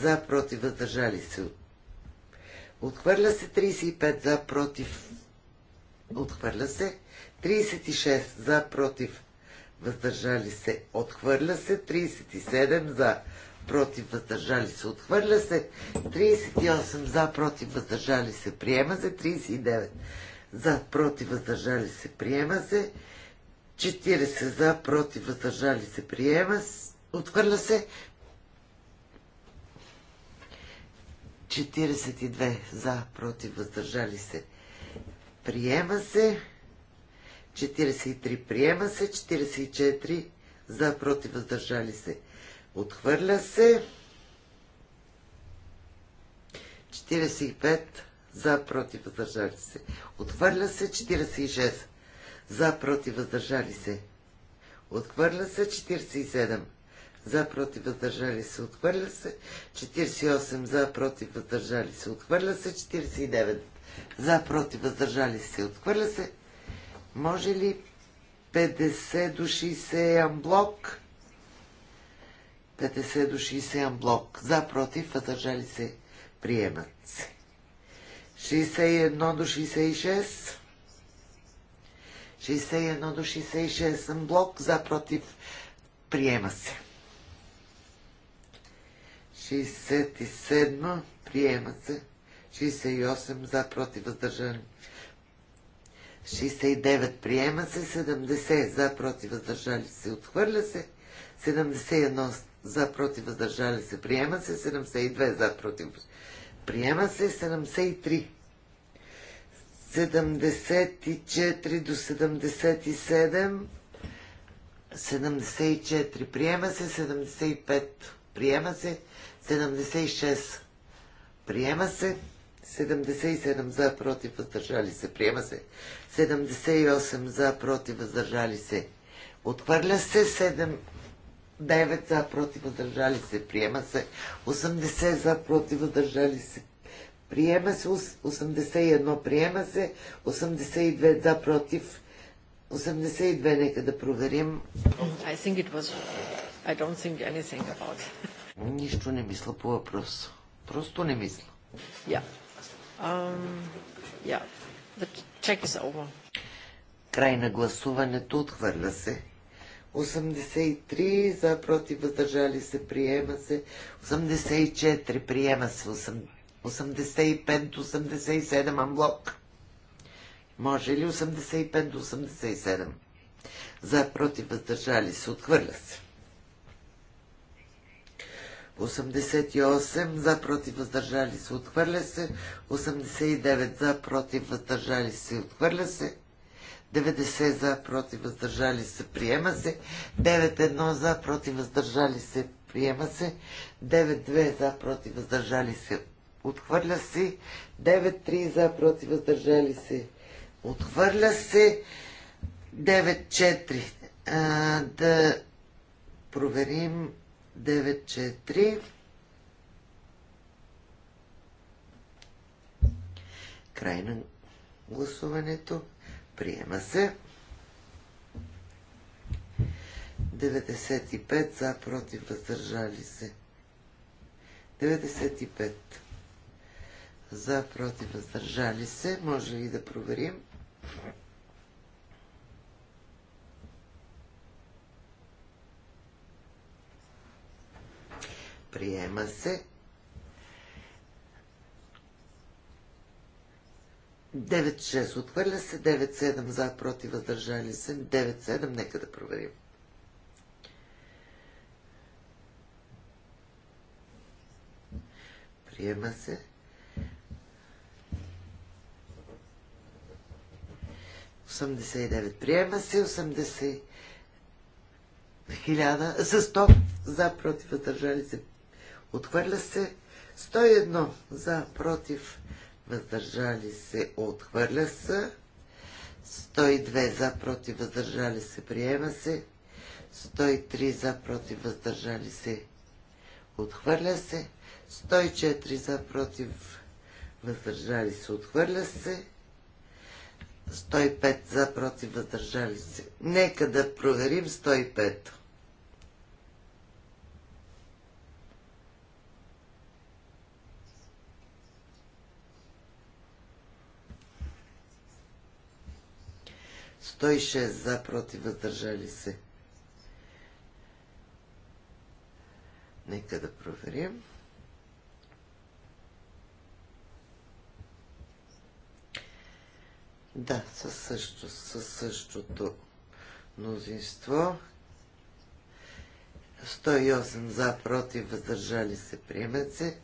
за против въздържали се. Отхвърля се 35 за против. Отхвърля се 36 за против въздържали се. Отхвърля се 37 за против въздържали се. Отхвърля се 38 за против въздържали се. Приема се 39 за против въздържали се. Приема се 40 за против въздържали се. Приема се. Отхвърля се 42 за, против, въздържали се. Приема се. 43 приема се. 44 за, против, въздържали се. Отхвърля се. 45 за, против, въздържали се. Отхвърля се. 46 за, против, въздържали се. Отхвърля се. 47 за против въздържали се отхвърля се, 48 за против въздържали се отхвърля се, 49 за против въздържали се отхвърля се. Може ли 50 до 60 амблок? 50 до 60 амблок. За против въздържали се приемат се. 61 до 66. 61 до 66 блок за против. Приема се. 67 приема се. 68 за против въздържани. 69 приема се. 70 за против въздържали се. Отхвърля се. 71 за против въздържали се. Приема се. 72 за против. Приема се. 73. 74 до 77. 74. Приема се 75. Приема се. 76. Приема се. 77 за, против, въздържали се. Приема се. 78 за, против, въздържали се. Отхвърля се. 7 9 за, против, въздържали се. Приема се. 80 за, против, въздържали се. Приема се 81, приема се 82 за, против 82, нека да проверим. I think it was I don't think anything about. Нищо не мисля по въпрос. Просто не мисля. Yeah. Um, yeah. The check is over. Край на гласуването отхвърля се. 83 за против въздържали се приема се. 84 приема се. 85 до 87 амблок. Може ли 85 до 87? За против въздържали се отхвърля се. 88 за против въздържали се отхвърля се. 89 за против въздържали се отхвърля се. 90 за против въздържали се приема се. 91 за против въздържали се приема се. 92 за против въздържали се отхвърля се. 93 за против въздържали се отхвърля се. 94 да проверим 9-4. Край на гласуването. Приема се. 95 за, против, въздържали се. 95 за, против, въздържали се. Може ли да проверим. приема се. 9-6 отхвърля се, 9-7 за, против, въздържали се, 9-7, нека да проверим. Приема се. Осъмдесет и девет. Приема се. Осемдесет хиляда. За сто. За против въздържали се. Отхвърля се 101 за против. Въздържали се. Отхвърля се. 102 за против. Въздържали се. Приема се. 103 за против. Въздържали се. Отхвърля се. 104 за против. Въздържали се. Отхвърля се. 105 за против. Въздържали се. Нека да проверим 105. 106 за против въздържали се. Нека да проверим. Да, със, също, със същото мнозинство. 108 за, против, въздържали се, приемат се.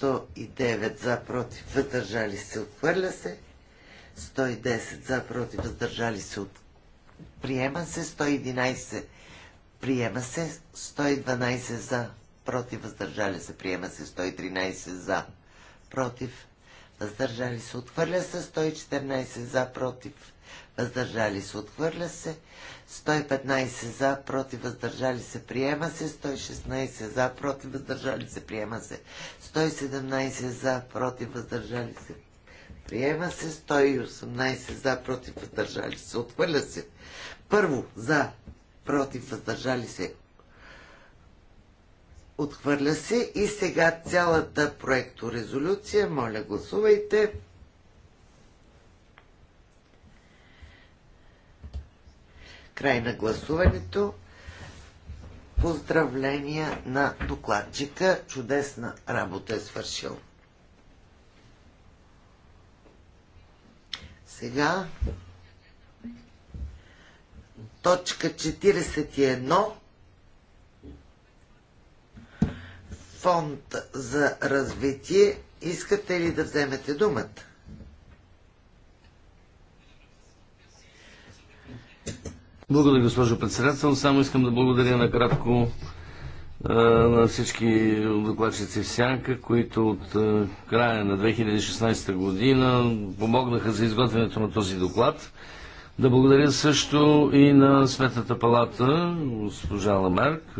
109 за, против, въздържали се, отхвърля се. 110 за, против, въздържали се от... Приема се 111. Приема се 112 за, против, въздържали се. Приема се 113 за, против, въздържали се. Отхвърля се 114 за, против, въздържали се. Отхвърля се 115 за, против, въздържали се. Приема се 116 за, против, въздържали се. Приема се 117 за, против, въздържали се. Приема се 118 за, против, въздържали се. Отхвърля се. Първо за, против, въздържали се. Отхвърля се. И сега цялата проекторезолюция. Моля, гласувайте. Край на гласуването. Поздравления на докладчика. Чудесна работа е свършил. Сега точка 41 фонд за развитие. Искате ли да вземете думата? Благодаря, госпожо председател. Само искам да благодаря накратко на всички докладчици в Сянка, които от края на 2016 година помогнаха за изготвянето на този доклад. Да благодаря също и на Сметната палата, госпожа Ламерк,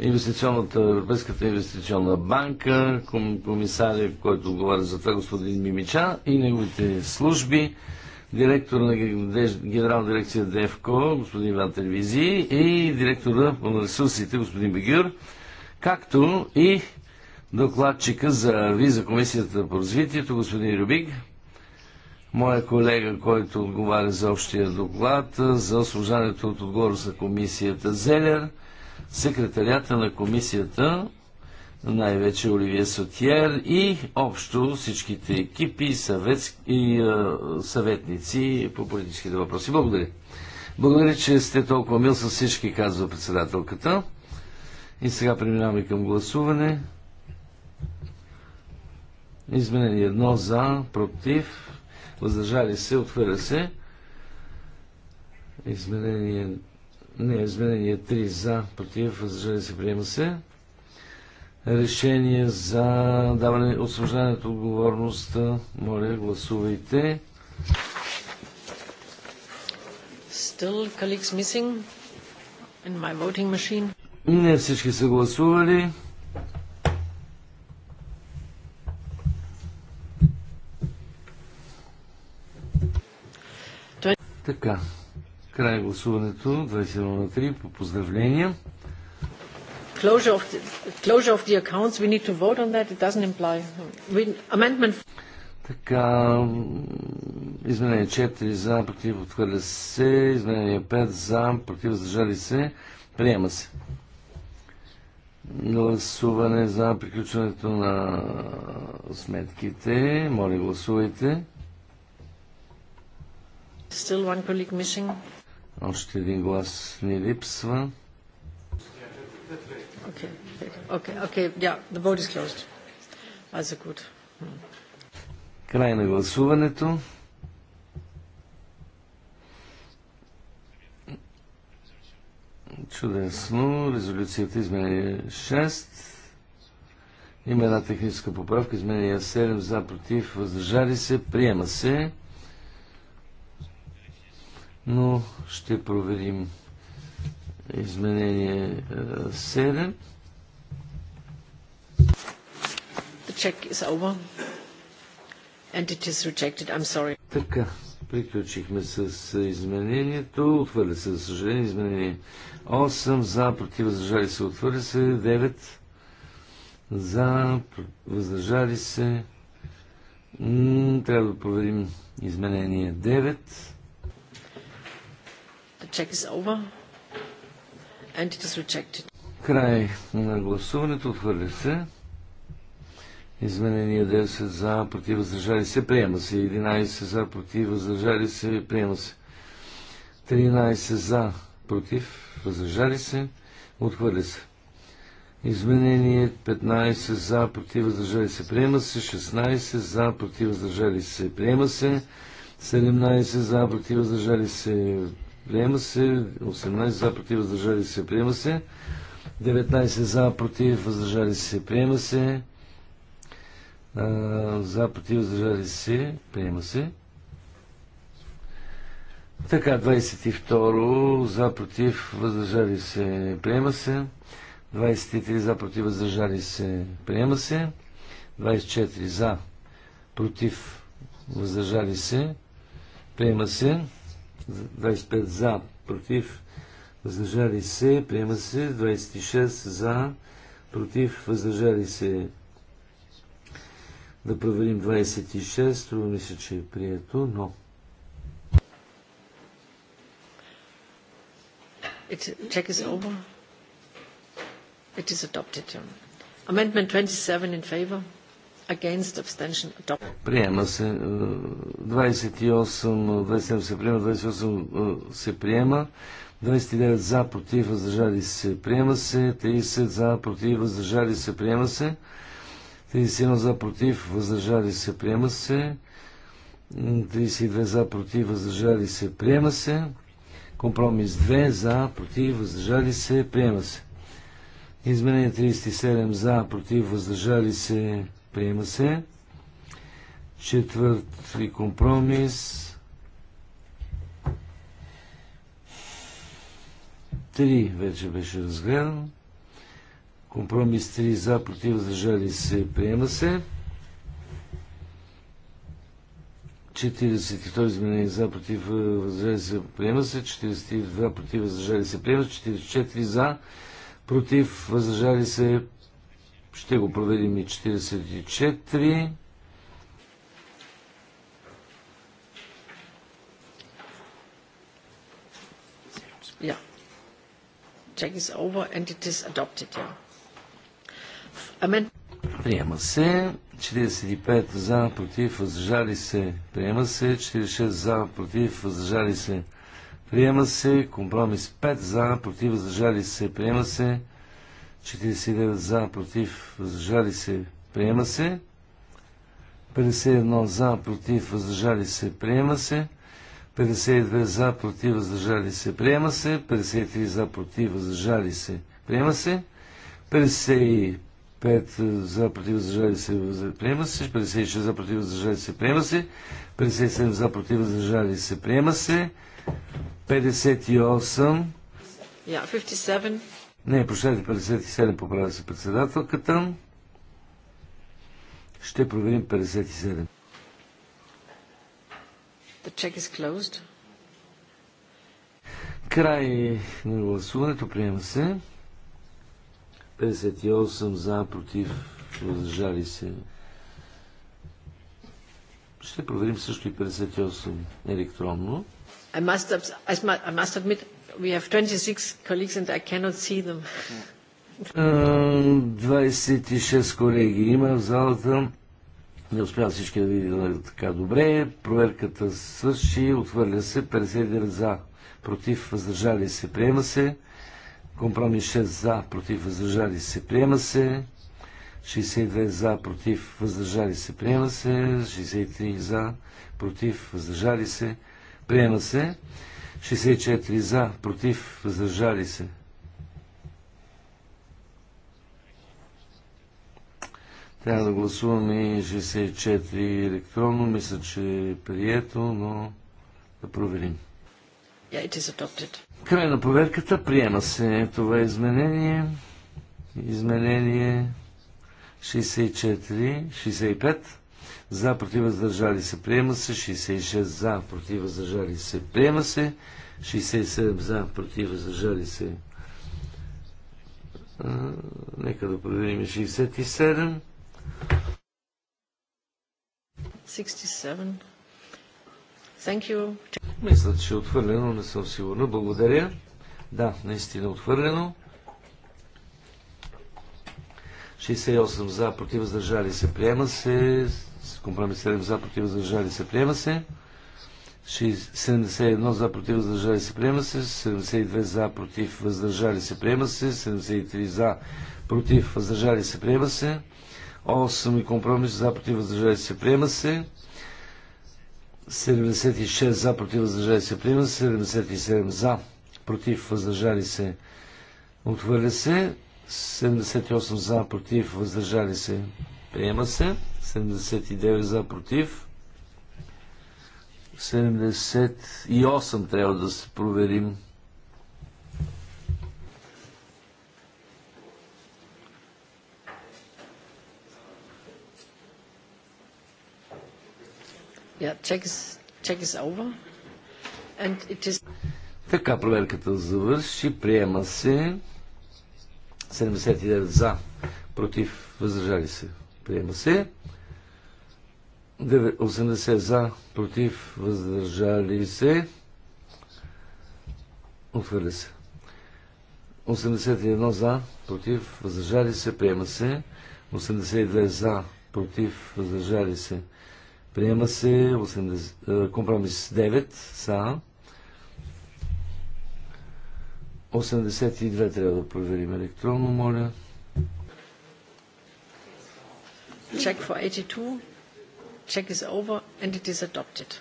инвестиционната, Европейската инвестиционна банка, комисаря, който говори за това, господин Мимича и неговите служби. Директор на генерална дирекция ДЕФКО господин Иван Телевизи и директора на ресурсите, господин Бегюр, както и докладчика за виза Комисията по развитието, господин Рюбик, моя колега, който отговаря за общия доклад, за освобождането от отговорност на комисията Зелер, секретарята на комисията най-вече Оливия Сотиер и общо всичките екипи и съветници по политическите въпроси. Благодаря. Благодаря, че сте толкова мил с всички, казва председателката. И сега преминаваме към гласуване. Изменение едно за, против, въздържали се, отхвърля се. Изменение, не, изменение 3 за, против, въздържали се, приема се решение за даване освобождането отговорност. Моля, гласувайте. Still colleagues missing in my voting machine. Не всички са гласували. Така. Край гласуването. 21 на 3. По поздравления. Closure of, the, closure of the accounts, we need to vote on that. It doesn't imply. We, amendment. Така, изменение 4 за, против, отхвърля се. Изменение 5 за, против, въздържали се. Приема се. Гласуване за приключването на сметките. Моля, гласувайте. Още един глас ни липсва. Okay, okay, okay, yeah, the vote is closed. Also good. Край на гласуването. Чудесно. Резолюцията изменя 6. Има една техническа поправка. Изменя 7 за против. Въздържали се. Приема се. Но ще проверим. Изменение 7. Е, The check is over. And it is rejected. I'm sorry. Така, приключихме с е, изменението. Отхвърля се, за съжаление, изменение 8 за, против, въздържали се, отвърля се, 9 за, въздържали се. Трябва да проверим изменение 9. The check is over and it is rejected. Край на гласуването. Отхвърля се. Изменение 10 за, против, въздържали се, приема се. 11 за, против, въздържали се, приема се. 13 за, против, въздържали се, отхвърля се. Изменение 15 за, против, въздържали се, приема се. 16 за, против, въздържали се, приема се. 17 за, против, въздържали се, приема се. 18 за, против, въздържали се, приема се. 19 за, против, въздържали се, приема се. За, против, въздържали се, приема се. Така, 22 за, против, въздържали се, приема се. 23 за, против, въздържали се, приема се. 24 за, против, въздържали се, приема се. 25 за, против, въздържали се, приема се, 26 за, против, въздържали се. Да проверим 26, това мисля, се, че е прието, но... It, check is over. It is adopted. Amendment 27 in favor against abstention adopted. Приема се 28, е, 27 се приема, 28 е, се приема, 29 за, против, въздържали се, приема се, 30 за, против, въздържали се, приема се, 31 за, против, въздържали се, приема се, 32 за, против, въздържали се, приема се, компромис 2 за, против, въздържали се, приема се. Изменение 37 за, против, въздържали се, Приема се. Четвърти компромис. Три вече беше разгледан. Компромис 3 за, против, въздържали се, приема се. 42 изменение за, против, въздържали се, приема се. 42 против, въздържали се, приема се. 44 за, против, въздържали се, ще го проведим и 44. Yeah. Check is over and it is adopted. Yeah. Amen. Приема се. 45 за, против, въздържали се. Приема се. 46 за, против, въздържали се. Приема се. Компромис 5 за, против, въздържали се. Приема се. 49 за, против, въздържали се, приема се. 51 за, против, въздържали се, приема се. 52 за, против, въздържали се, приема се. 53 за, против, въздържали се, приема се. 55 за, против, въздържали се, приема се. 56 за, против, въздържали се, приема се. 57 за, против, въздържали се, приема се. 58 Yeah, 57 не, прощайте, 57 поправя се председателката. Ще проверим 57. The check is closed. Край на гласуването. Приема се. 58 за, против, въздържали се. Ще проверим също и 58 електронно. I must, I must admit, We have 26 colleagues and I cannot see them. 26 колеги има в залата. Не успя всички да видят нали, така добре. Проверката свърши, отвърля се, 59 за, против, въздържали се, приема се. Компромис 6 за, против, въздържали се, приема се. 62 за, против, въздържали се, приема се. 63 за, против, въздържали се, приема се. 64 за, против, въздържали се. Трябва да гласуваме 64 електронно. Мисля, че е прието, но да проверим. Край на проверката. Приема се това изменение. Изменение 64, 65 за, против, въздържали се, приема се, 66 за, против, въздържали се, приема се, 67 за, против, въздържали се. А, нека да проверим 67. 67. Thank you. Мисля, че е отхвърлено, не съм сигурна. Благодаря. Да, наистина е отхвърлено. 68 за, против, въздържали се, приема се. Компромис 7 за, против, въздържали се, приема се. 71 за, против, въздържали се, приема се. 72 за, против, въздържали се, приема се. 73 за, против, въздържали се, приема се. 8 и компромис за, против, въздържали се, приема се. 76 за, против, въздържали се, приема се. 77 за, против, въздържали се, отхвърля се. 78 за, против, въздържали се, приема се. 79 за против. 78 трябва да се проверим. Yeah, check is, check is over. And it is... Така проверката завърши, приема се 79 за, против, въздържали се, приема се. 80 за, против, въздържали се. Отхвърля се. 81 за, против, въздържали се, приема се. 82 за, против, въздържали се. Приема се 80, е, компромис 9 са. 82 трябва да проверим електронно, моля. Check for 82. Check is over and it is adopted.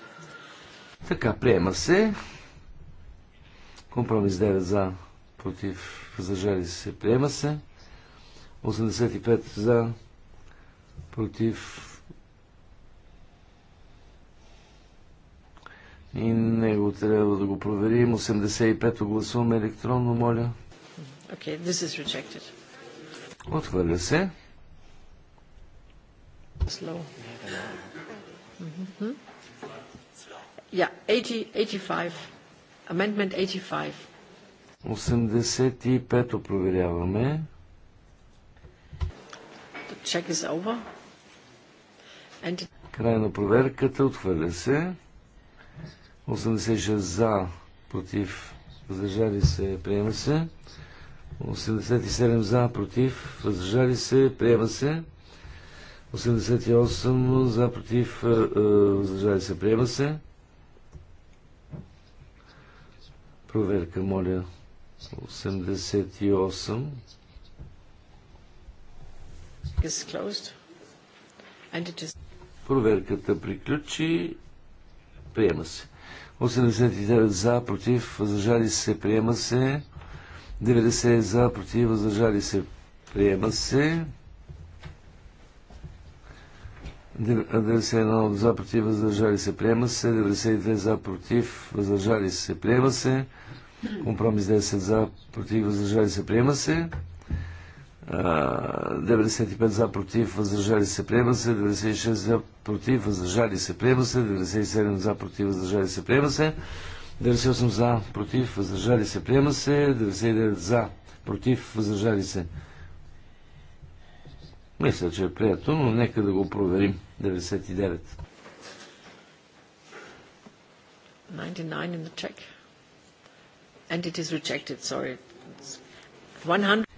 Така, приема се. Компромис 9 за, против, въздържали се, приема се. 85 за, против, и него трябва да го проверим. 85-то гласуваме електронно, моля. Okay, this is rejected. Отхвърля се. Slow. Mm-hmm. Yeah, 85. Amendment 85. 85-то проверяваме. The check is over. Край на проверката, отхвърля се. 86 за, против, въздържали се, приема се. 87 за, против, въздържали се, приема се. 88 е, е, за против въздържали се приема се. Проверка, моля. 88. Проверката приключи. Приема се. 89 за, против, въздържали се, приема се. 90 за, против, въздържали се, приема се. 91 за против въздържали се приема се, 92 за против въздържали се приема се, компромис 10 за против въздържали се приема се, 95 за против въздържали се приема се, 96 за против въздържали се приема се, 97 за против въздържали се приема се, 98 за против въздържали се приема се, 99 за против въздържали се. Мисля, че е приятно, но нека да го проверим. 99.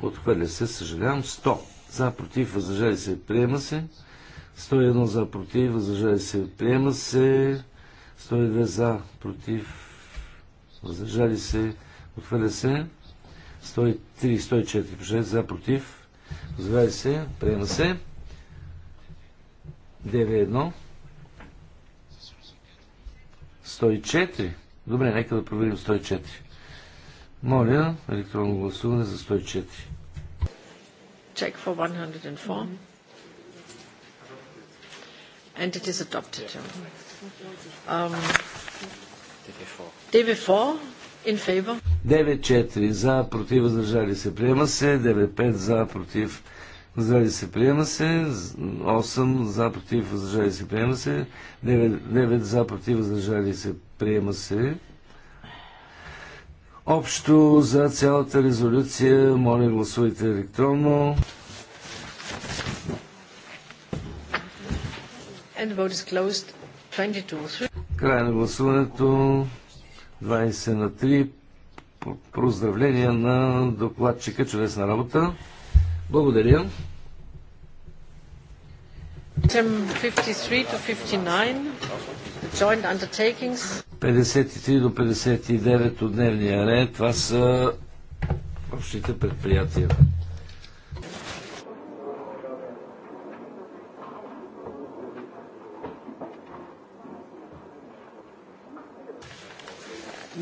Отхвърля се, съжалявам. 100. За, против, възражали се, приема се. 101 за, против, възражали се, приема се. 102 за, против, възражали се, отхвърля се. 103, 104, 6 за, против, въздържали се, приема се. 9-1. 104. Добре, нека да проверим 104. Моля, електронно гласуване за 104. Check for 104. And it is adopted. Um, DV4 in favor. 9-4 за, против, въздържали се. Приема се. 9-5 за, против, въздържали се, приема се, 8 за, против, въздържали се, приема се, 9, 9 за, против, въздържали се, приема се. Общо за цялата резолюция, моля гласувайте електронно. And the vote is closed. 22. Край на гласуването. 20 на 3. Поздравления на докладчика. Чудесна работа. Благодаря. 53 до 59 от дневния ред, това са общите предприятия.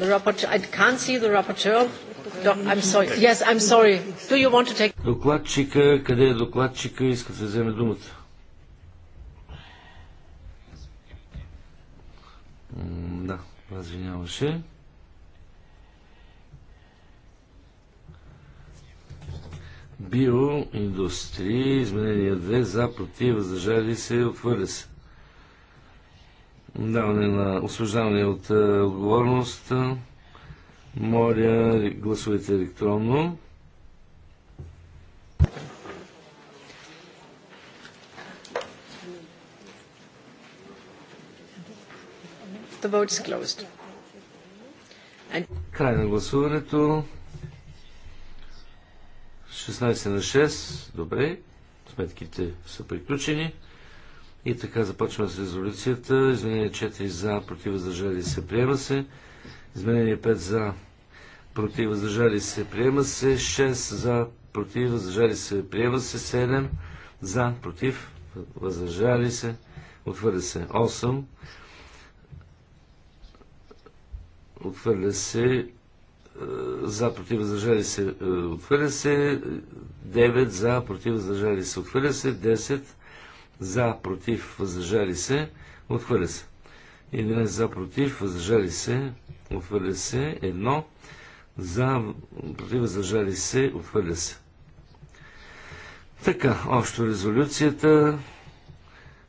The rapporteur, I can't see the rapporteur. Докладчика, къде е докладчика, иска да вземе думата. да, развиняваше. Биоиндустрии, изменение 2, за, против, въздържали се, отвърля се. Даване на освобождаване от е, отговорността. Моля, гласувайте електронно. The vote is closed. And... Край на гласуването. 16 на 6. Добре. Сметките са приключени. И така започваме с резолюцията. Изменение 4 за, против въздържали се, приема се. Изменение 5 за, против, въздържали се, приема се. 6 за, против, въздържали се, приема се. 7 за, против, въздържали се, отхвърля се. 8 отхвърля се е, е, за, против, въздържали се, отхвърля се, 9 за, против, въздържали се, отхвърля се, 10 за, против, въздържали се, отхвърля се. 11 за, против, въздържали се, отхвърля се, 1 за, против, въздържали се, отхвърля се. Така, общо резолюцията.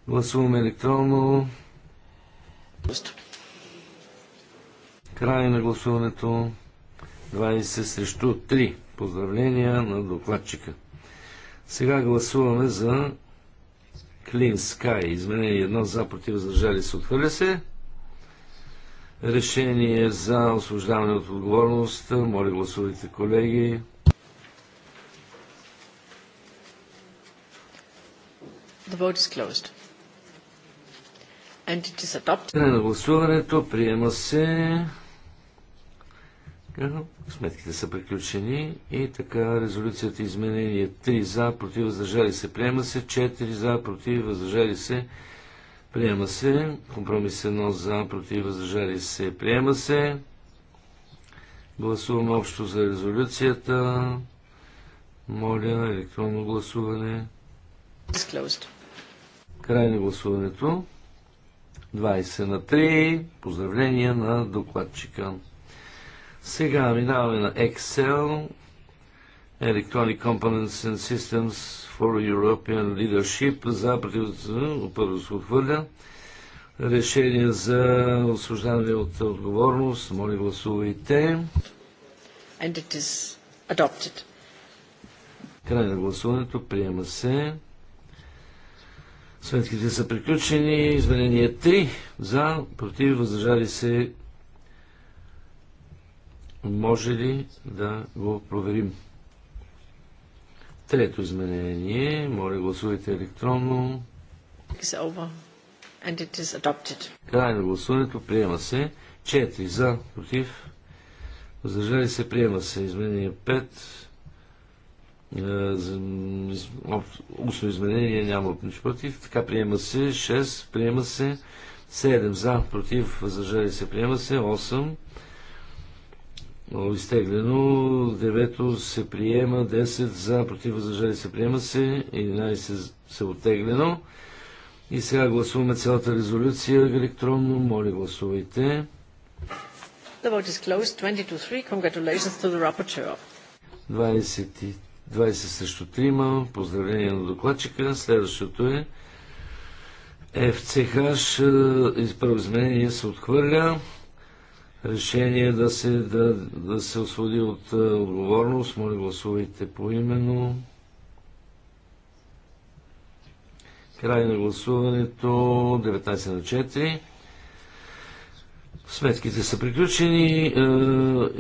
Гласуваме електронно. Край на гласуването. 20 срещу 3. Поздравления на докладчика. Сега гласуваме за Clean Sky. Изменение едно за против въздържали се отхвърля се. Решение за освобождаване от отговорност. Моля гласувайте, колеги. Не на гласуването приема се. Сметките са приключени и така резолюцията изменение 3 за, против, въздържали се, приема се, 4 за, против, въздържали се, Приема се. Компромис 1 за, против, въздържали се. Приема се. Гласуваме общо за резолюцията. Моля, електронно гласуване. Край на гласуването. 20 на 3. Поздравления на докладчика. Сега минаваме на Excel. Electronic Components and Systems for European Leadership за първо хвърля. Решение за освобождаване от отговорност. Моля гласувайте. And it is adopted. Край на гласуването. Приема се. Сметките са приключени. Изменение 3 за, против, въздържали се. Може ли да го проверим? Трето изменение. Моля, гласувайте електронно. Край на гласуването. Приема се. 4 за, против. Въздържали се. Приема се. Изменение 5. Е, устно изменение няма против. Така приема се. 6. Приема се. 7 за, против. Въздържали се. Приема се. 8 много изтеглено. 9 се приема, 10 за, против възражали се приема се, 11 се оттеглено. И сега гласуваме цялата резолюция електронно. Моля, гласувайте. The vote is closed. 20 to 3. Congratulations to the rapporteur. 20, 20 срещу 3. Поздравление на докладчика. Следващото е FCH. Първо изменение се отхвърля решение да се, да, да се освободи от е, отговорност. Моля, гласувайте поименно. Край на гласуването 19 на 4. Сметките са приключени. Е,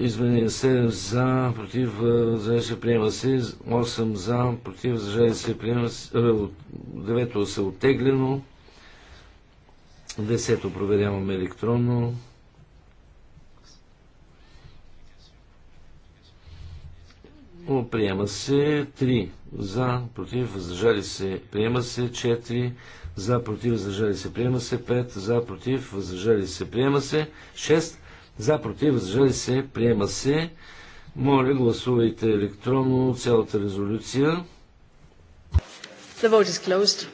Извинение 7 за, против, е, за се, приема се. 8 за, против, въздържали се, приема се. 9 се оттеглено. 10 проверяваме електронно. Приема се 3 за, против, въздържали се. Приема се 4 за, против, въздържали се. Приема се 5 за, против, въздържали се. Приема се 6 за, против, въздържали се. Приема се. Моля, гласувайте електронно цялата резолюция. The vote is closed.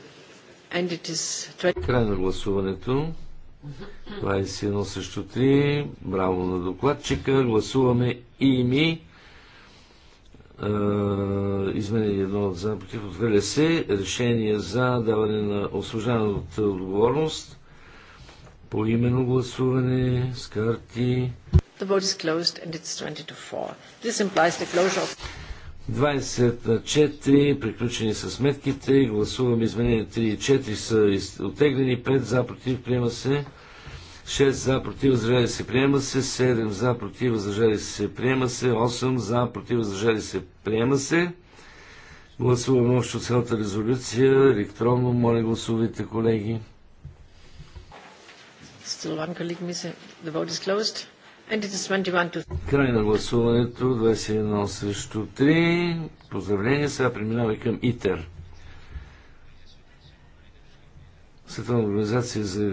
And it is... Край на гласуването. 21 също 3. Браво на докладчика. Гласуваме и ми. Е, изменение едно от за против отхвърля се, решение за даване на освобождаване от отговорност, по именно гласуване с карти. The vote is closed and it's 20 to 4. This implies the closure of... 20 на 4, приключени са сметките, гласуваме изменение 3 и 4 са оттеглени, 5 за против, приема се. 6 за, против, въздържали се, приема се. 7 за, против, въздържали се, приема се. 8 за, против, въздържали се, приема се. Гласуваме още цялата резолюция. Електронно, моля гласувайте, колеги. Край на гласуването, 21 срещу 3. Поздравление, сега преминаваме към ИТЕР. Световна организация за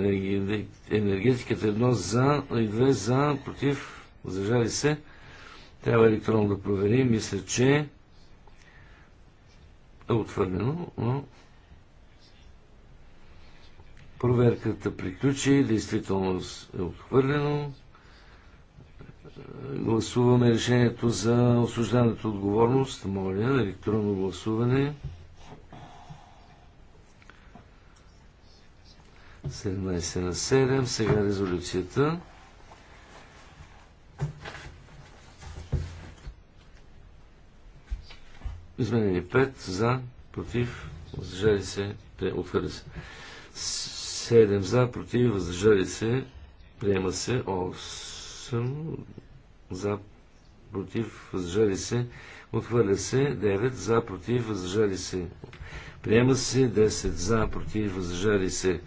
енергетиката е едно за и две за, против, задържали се. Трябва електронно да проверим. Мисля, че е отвърнено, но проверката приключи. Действително е отвърнено. Гласуваме решението за осуждането отговорност. Моля, електронно гласуване. 17 на 7. Сега резолюцията. Изменени 5 за, против, въздържали се, отхвърля се. 7 за, против, въздържали се, приема се. 8 за, против, въздържали се, отхвърля се. 9 за, против, въздържали се, приема се. 10 за, против, въздържали се,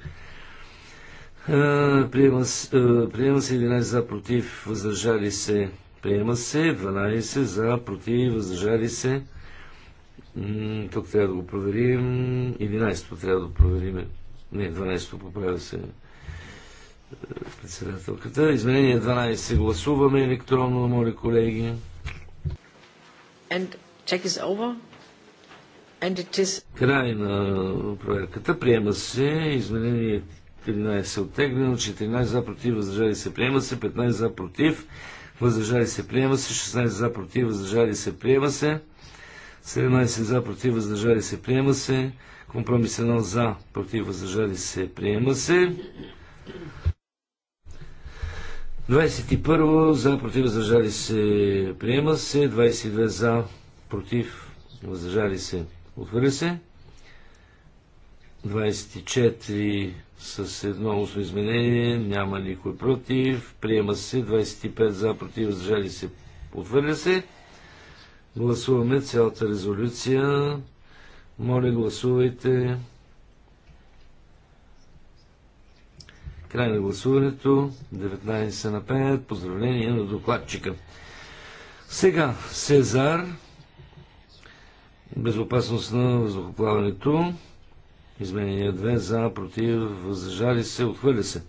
е, е, приема се 11 за против, въздържали се. Приема се 12 за против, въздържали се. Тук трябва да го проверим. 11-то трябва да проверим. Не, 12-то поправя се е, председателката. Изменение 12. Гласуваме електронно, моля колеги. And check is over. And it is... Край на проверката. Приема се изменение 13 е оттеглено, 14 за против, въздържали се, приема се, 15 за против, въздържали се, приема се, 16 за против, въздържали се, приема се, 17 за против, въздържали се, приема се, компромис 1 за против, въздържали се, приема се. 21 за против, въздържали се, приема се, 22 за против, въздържали се, отхвърля се. 24 с едно устно изменение, няма никой против, приема се 25 за, против, въздържали се, отвърля се. Гласуваме цялата резолюция. Моля, гласувайте. Край на гласуването. 19 на 5. Поздравление на докладчика. Сега Сезар. Безопасност на въздухоплаването. Изменение 2 за, против, въздържали се, отхвърля се.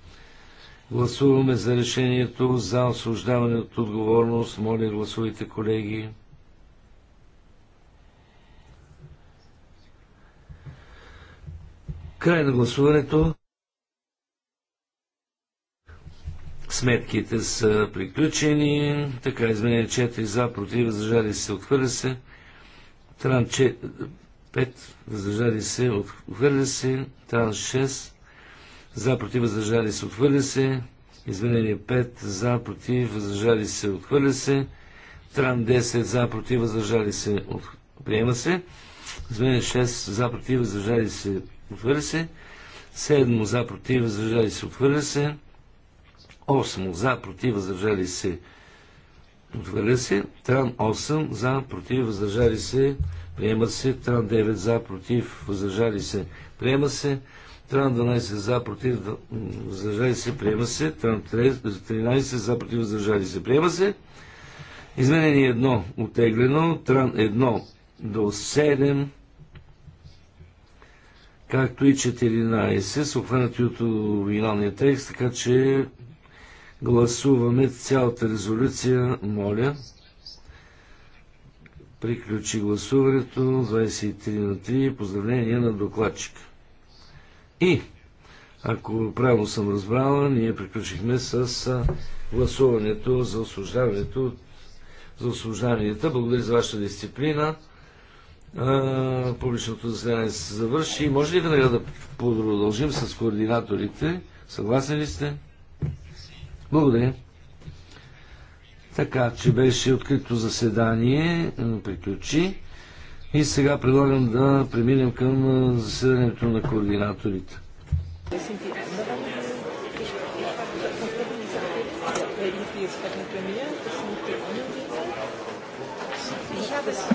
Гласуваме за решението за освобождаване от отговорност. Моля, гласувайте, колеги. Край на гласуването. Сметките са приключени. Така, изменение 4 за, против, въздържали се, отхвърля се. Тран 5, въздържали се, отхвърля се. Тран 6, за, против, въздържали се, отхвърля се. Изменение 5, за, против, въздържали се, отхвърля се. Тран 10, за, против, въздържали се, приема се. Изменение 6, за, против, въздържали се, отхвърля се. 7, за, против, въздържали се, отхвърля се. 8, за, против, въздържали се, отхвърля се. Отхвърля се. Тран 8 за, против, въздържали се. Приема се. Тран 9 за, против, въздържали се. Приема се. Тран 12 за, против, въздържали се. Приема се. Тран 13 за, против, въздържали се. Приема се. Изменение 1 отеглено. Тран 1 до 7 както и 14 са обхванати от оригиналния текст, така че Гласуваме цялата резолюция, моля. Приключи гласуването 23 на 3. Поздравление на докладчика. И, ако правилно съм разбрала, ние приключихме с гласуването за освобождаването за освобождаванията. Благодаря за вашата дисциплина. А, публичното заседание се завърши. Може ли веднага да продължим с координаторите? Съгласни ли сте? Благодаря. Така, че беше открито заседание, приключи. И сега предлагам да преминем към заседанието на координаторите. Ich habe es